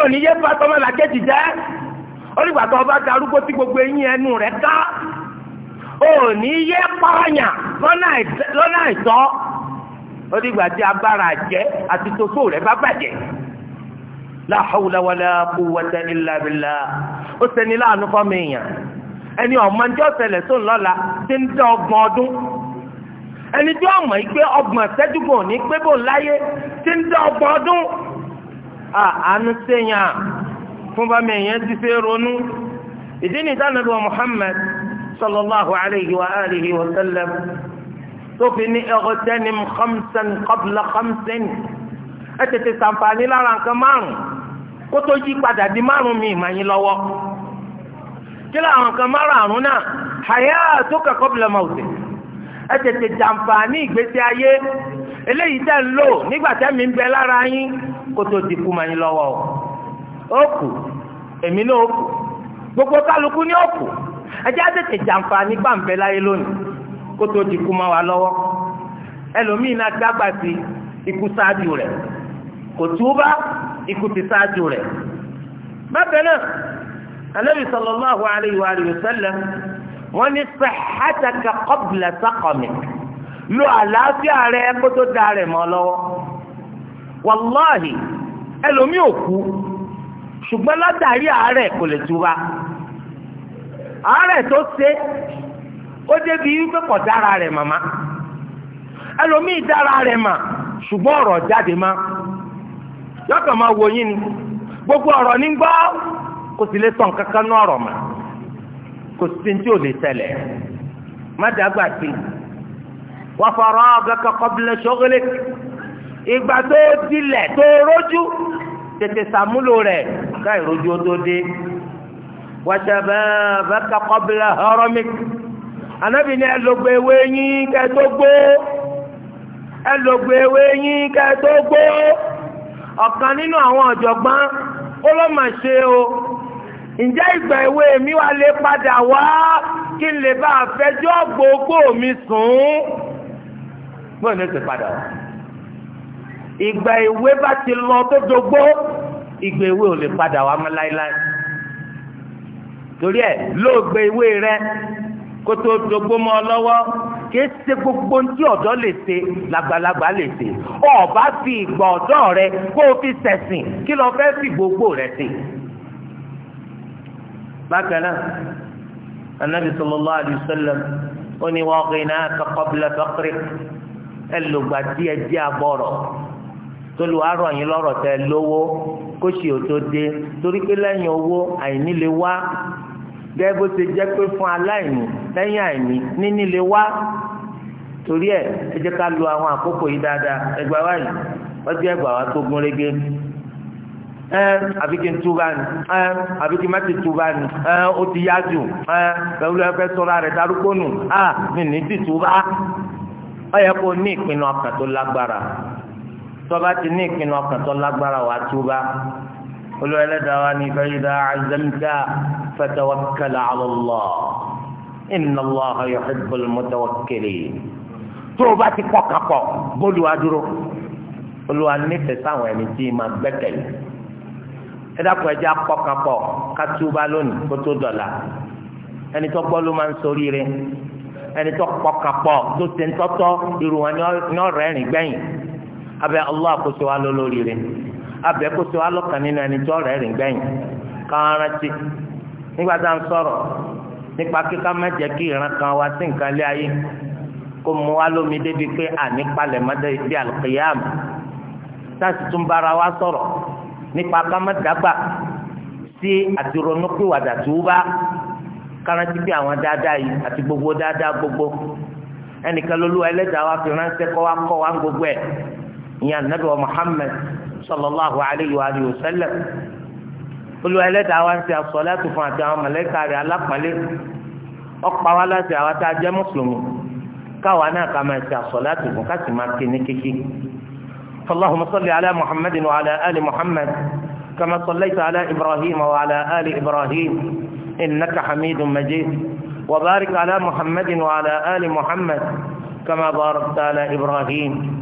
òní yé bá jẹ́ onígbà tó bá tí gbogbo eyín ẹnu rẹ̀ ká òní yé pààyàn lọ́nà ìtọ́ onígbà tí agbára jẹ́ àti tòṣó rẹ̀ bá bàjẹ́ la ó láàánú ẹni ní ọ̀sẹ̀lẹ̀ tó ń lọ́la ti ń ọgbọ̀n ọdún ẹni tí àánú sèyàn fún bàmí èèyàn ti fẹ́ ronú ìdí ni ìdánilẹ́bí wa Muhammad sallallahu alayhi wa alihi wa sallam tó fi ní ightanim khamsan qabla khamsin ẹ tètè sàǹfààní lára nǹkan márùn kó tó yí padà di márùn mi ìmọ̀ yín lọ́wọ́ kí làwọn nǹkan márùn náà hayatuka qabla mawtik ẹ tètè jàǹfààní ìgbésí ayé eléyìí tẹ́ ń lò nígbà tẹ́mi ń bẹ lára yín koto di ma lọ́wọ́ o ó èmi gbogbo kálukú ni ó ẹjẹ́ àtẹ̀tẹ̀ jàǹfààní pàǹfẹ́ láyé lónìí kótó di ma lọ́wọ́ ẹlòmíín náà dágbà sí ikú sáájú rẹ̀ kò túbá ikú ti sáájú rẹ̀ bákan náà wọ́n ní lo àlàáfíà rẹ̀ da rẹ̀ mọ́ wàláhì ẹlòmí ò ṣùgbọ́n látàrí àárẹ̀ kò lè túba àárẹ̀ tó ṣe ó débi wípé kò dára rẹ̀ màmá ẹlòmí dára rẹ̀ mà ṣùgbọ́n ọ̀rọ̀ jáde má yọkàn máa wo yín ni gbogbo ọ̀rọ̀ ní gbọ́ kò sì lè sọ nǹkan kan ní ọ̀rọ̀ mà kò sí tí ò lè ṣẹlẹ̀ má dàgbà sí wàá ọ̀gá kan kọ́ bilẹ̀ ṣọ́gẹ́lẹ́ kí. ìgbà tó dilẹ̀ tó rójú tètè sàmúlò rẹ̀ káì rójú ó tó dé wàtàbà bàtà kọ́bìlà ọ̀rọ̀mì anábì ní ẹlògbè ewé yín kẹtó gbó ẹlògbè ewé yín kẹtó gbó ọ̀kan nínú àwọn ọ̀jọ̀gbọ́n ó ló mà ṣe o ǹjẹ́ ìgbà ewé mi wá lè padà wá kí n lè bá àfẹjọ́ gbogbo mi sùn gbọ́dọ̀ ló ti padà wá ìgbà èwe bá ti lọ tó dogbó ìgbà èwe ò lè padà wá mọ́ láéláé torí ẹ lóògbé ìwé rẹ kó tó dogbó mọ́ ọ lọ́wọ́ kìí ṣe gbogbo tí ọ̀dọ́ lè ṣe làgbàlagbà lè ṣe ọba fi ìgbà ọ̀dọ́ rẹ kó o fi ṣẹ̀sìn kí lọ fẹ́ fi gbogbo rẹ ṣe. bákan náà anabi sallallahu alayhi wa ó ní wa ghinaka qabla faqrik ẹ lògbà tí ẹ jẹ́ tolu arọ yín lọ́rọ̀ tẹ lówó kó sì ó tó dé torí pé lẹ́yìn owó àìní lè wá gẹ́gẹ́ bó ṣe jẹ́ pé fún aláìní lẹ́yìn àìní níní lè wá torí ẹ̀ ẹ jẹ́ ká lo àwọn àkókò yìí dáadáa ẹgbà wá yìí wọ́n ti ẹgbà wá tó gún régé ẹ àbí kí n ni ẹ àbí kí n má ti túbà ni ẹ ó ti yá jù ẹ pẹ̀lú ẹ sọ́ra rẹ̀ darúgbó nù à mí ní ti túbà ọ yẹ kó ní ìpinnu ọkàn tó lágbára tọ́ba ti ní ìpinnu ọkàn tó lágbára wà túbá olú ẹlẹ́dàá wa ní fẹ́yìdá azamta fatawakkal ala Allah inna Allaha yuhibbul mutawakkilin tó o bá ti kọ́ kapọ̀ bólúwa dúró olúwa nífẹ̀ẹ́ sáwọn ẹni tí ma gbẹ́kẹ̀lé ẹ dákun ẹ jẹ́ akọ́ kapọ̀ kátúbá lónìí kó tó dọ̀la ẹni tó gbọ́ ló máa ń soríire ẹni tó kọ́ kapọ̀ tó ṣe ń tọ́tọ́ irú wọn ní ọ̀rẹ́ gbẹ̀yìn abẹ Allah kó ṣe wá lólórí rẹ̀ abẹ kó ṣe wá lọ́kàn nínú ẹni tí ọ̀rẹ́ rìn gbẹ̀yìn káràntì nígbà tá à ń sọ̀rọ̀ nípa kíkà má jẹ́ kí ìran kan wá sí nǹkan lé ayé kó mu wá lómi débi pé àní palẹ̀ má débi bí alùpùpù sáàsì tún bára wa sọ̀rọ̀ nípa ká má dàgbà sí àti ronúpìwàdà tó bá káràntì bí àwọn dáadáa yìí àti gbogbo dáadáa gbogbo ẹnìkan lólu ẹlẹ́dàá wa fi ránṣẹ́ kọ́ wa kọ́ wa gbogbo ẹ̀. نيان نبي محمد صلى الله عليه وآله وسلم قلوا هل دعوان في الصلاة فانتهم ملكة على الله ملك أقبع ولا سعوة أجي مسلمين كوانا كما في الصلاة مكاسمة كنكي فاللهم صل على محمد وعلى آل محمد كما صليت على إبراهيم وعلى آل إبراهيم إنك حميد مجيد وبارك على محمد وعلى آل محمد كما باركت على إبراهيم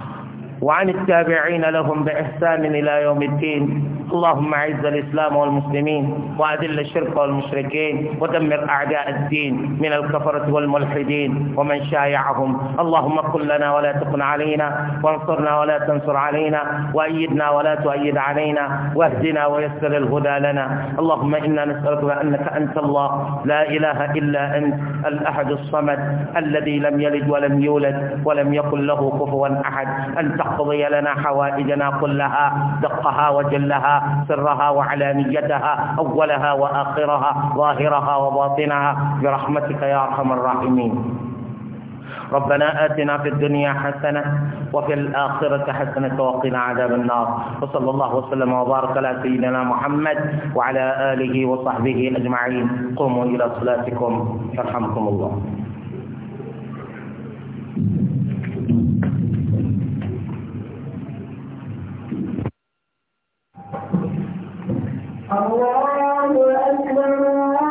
وعن التابعين لهم بإحسان إلى يوم الدين اللهم اعز الإسلام والمسلمين وأذل الشرك والمشركين ودمر أعداء الدين من الكفرة والملحدين ومن شايعهم اللهم قل لنا ولا تكن علينا وانصرنا ولا تنصر علينا وأيدنا ولا تؤيد علينا واهدنا ويسر الهدى لنا اللهم إنا نسألك أنك أنت الله لا إله إلا أنت الأحد الصمد الذي لم يلد ولم يولد ولم يكن له كفوا أحد أن تقضي لنا حوائجنا كلها دقها وجلها سرها وعلانيتها أولها وآخرها ظاهرها وباطنها برحمتك يا أرحم الراحمين ربنا آتنا في الدنيا حسنة وفي الآخرة حسنة وقنا عذاب النار وصلى الله وسلم وبارك على سيدنا محمد وعلى آله وصحبه أجمعين قوموا إلى صلاتكم يرحمكم الله الله أكبر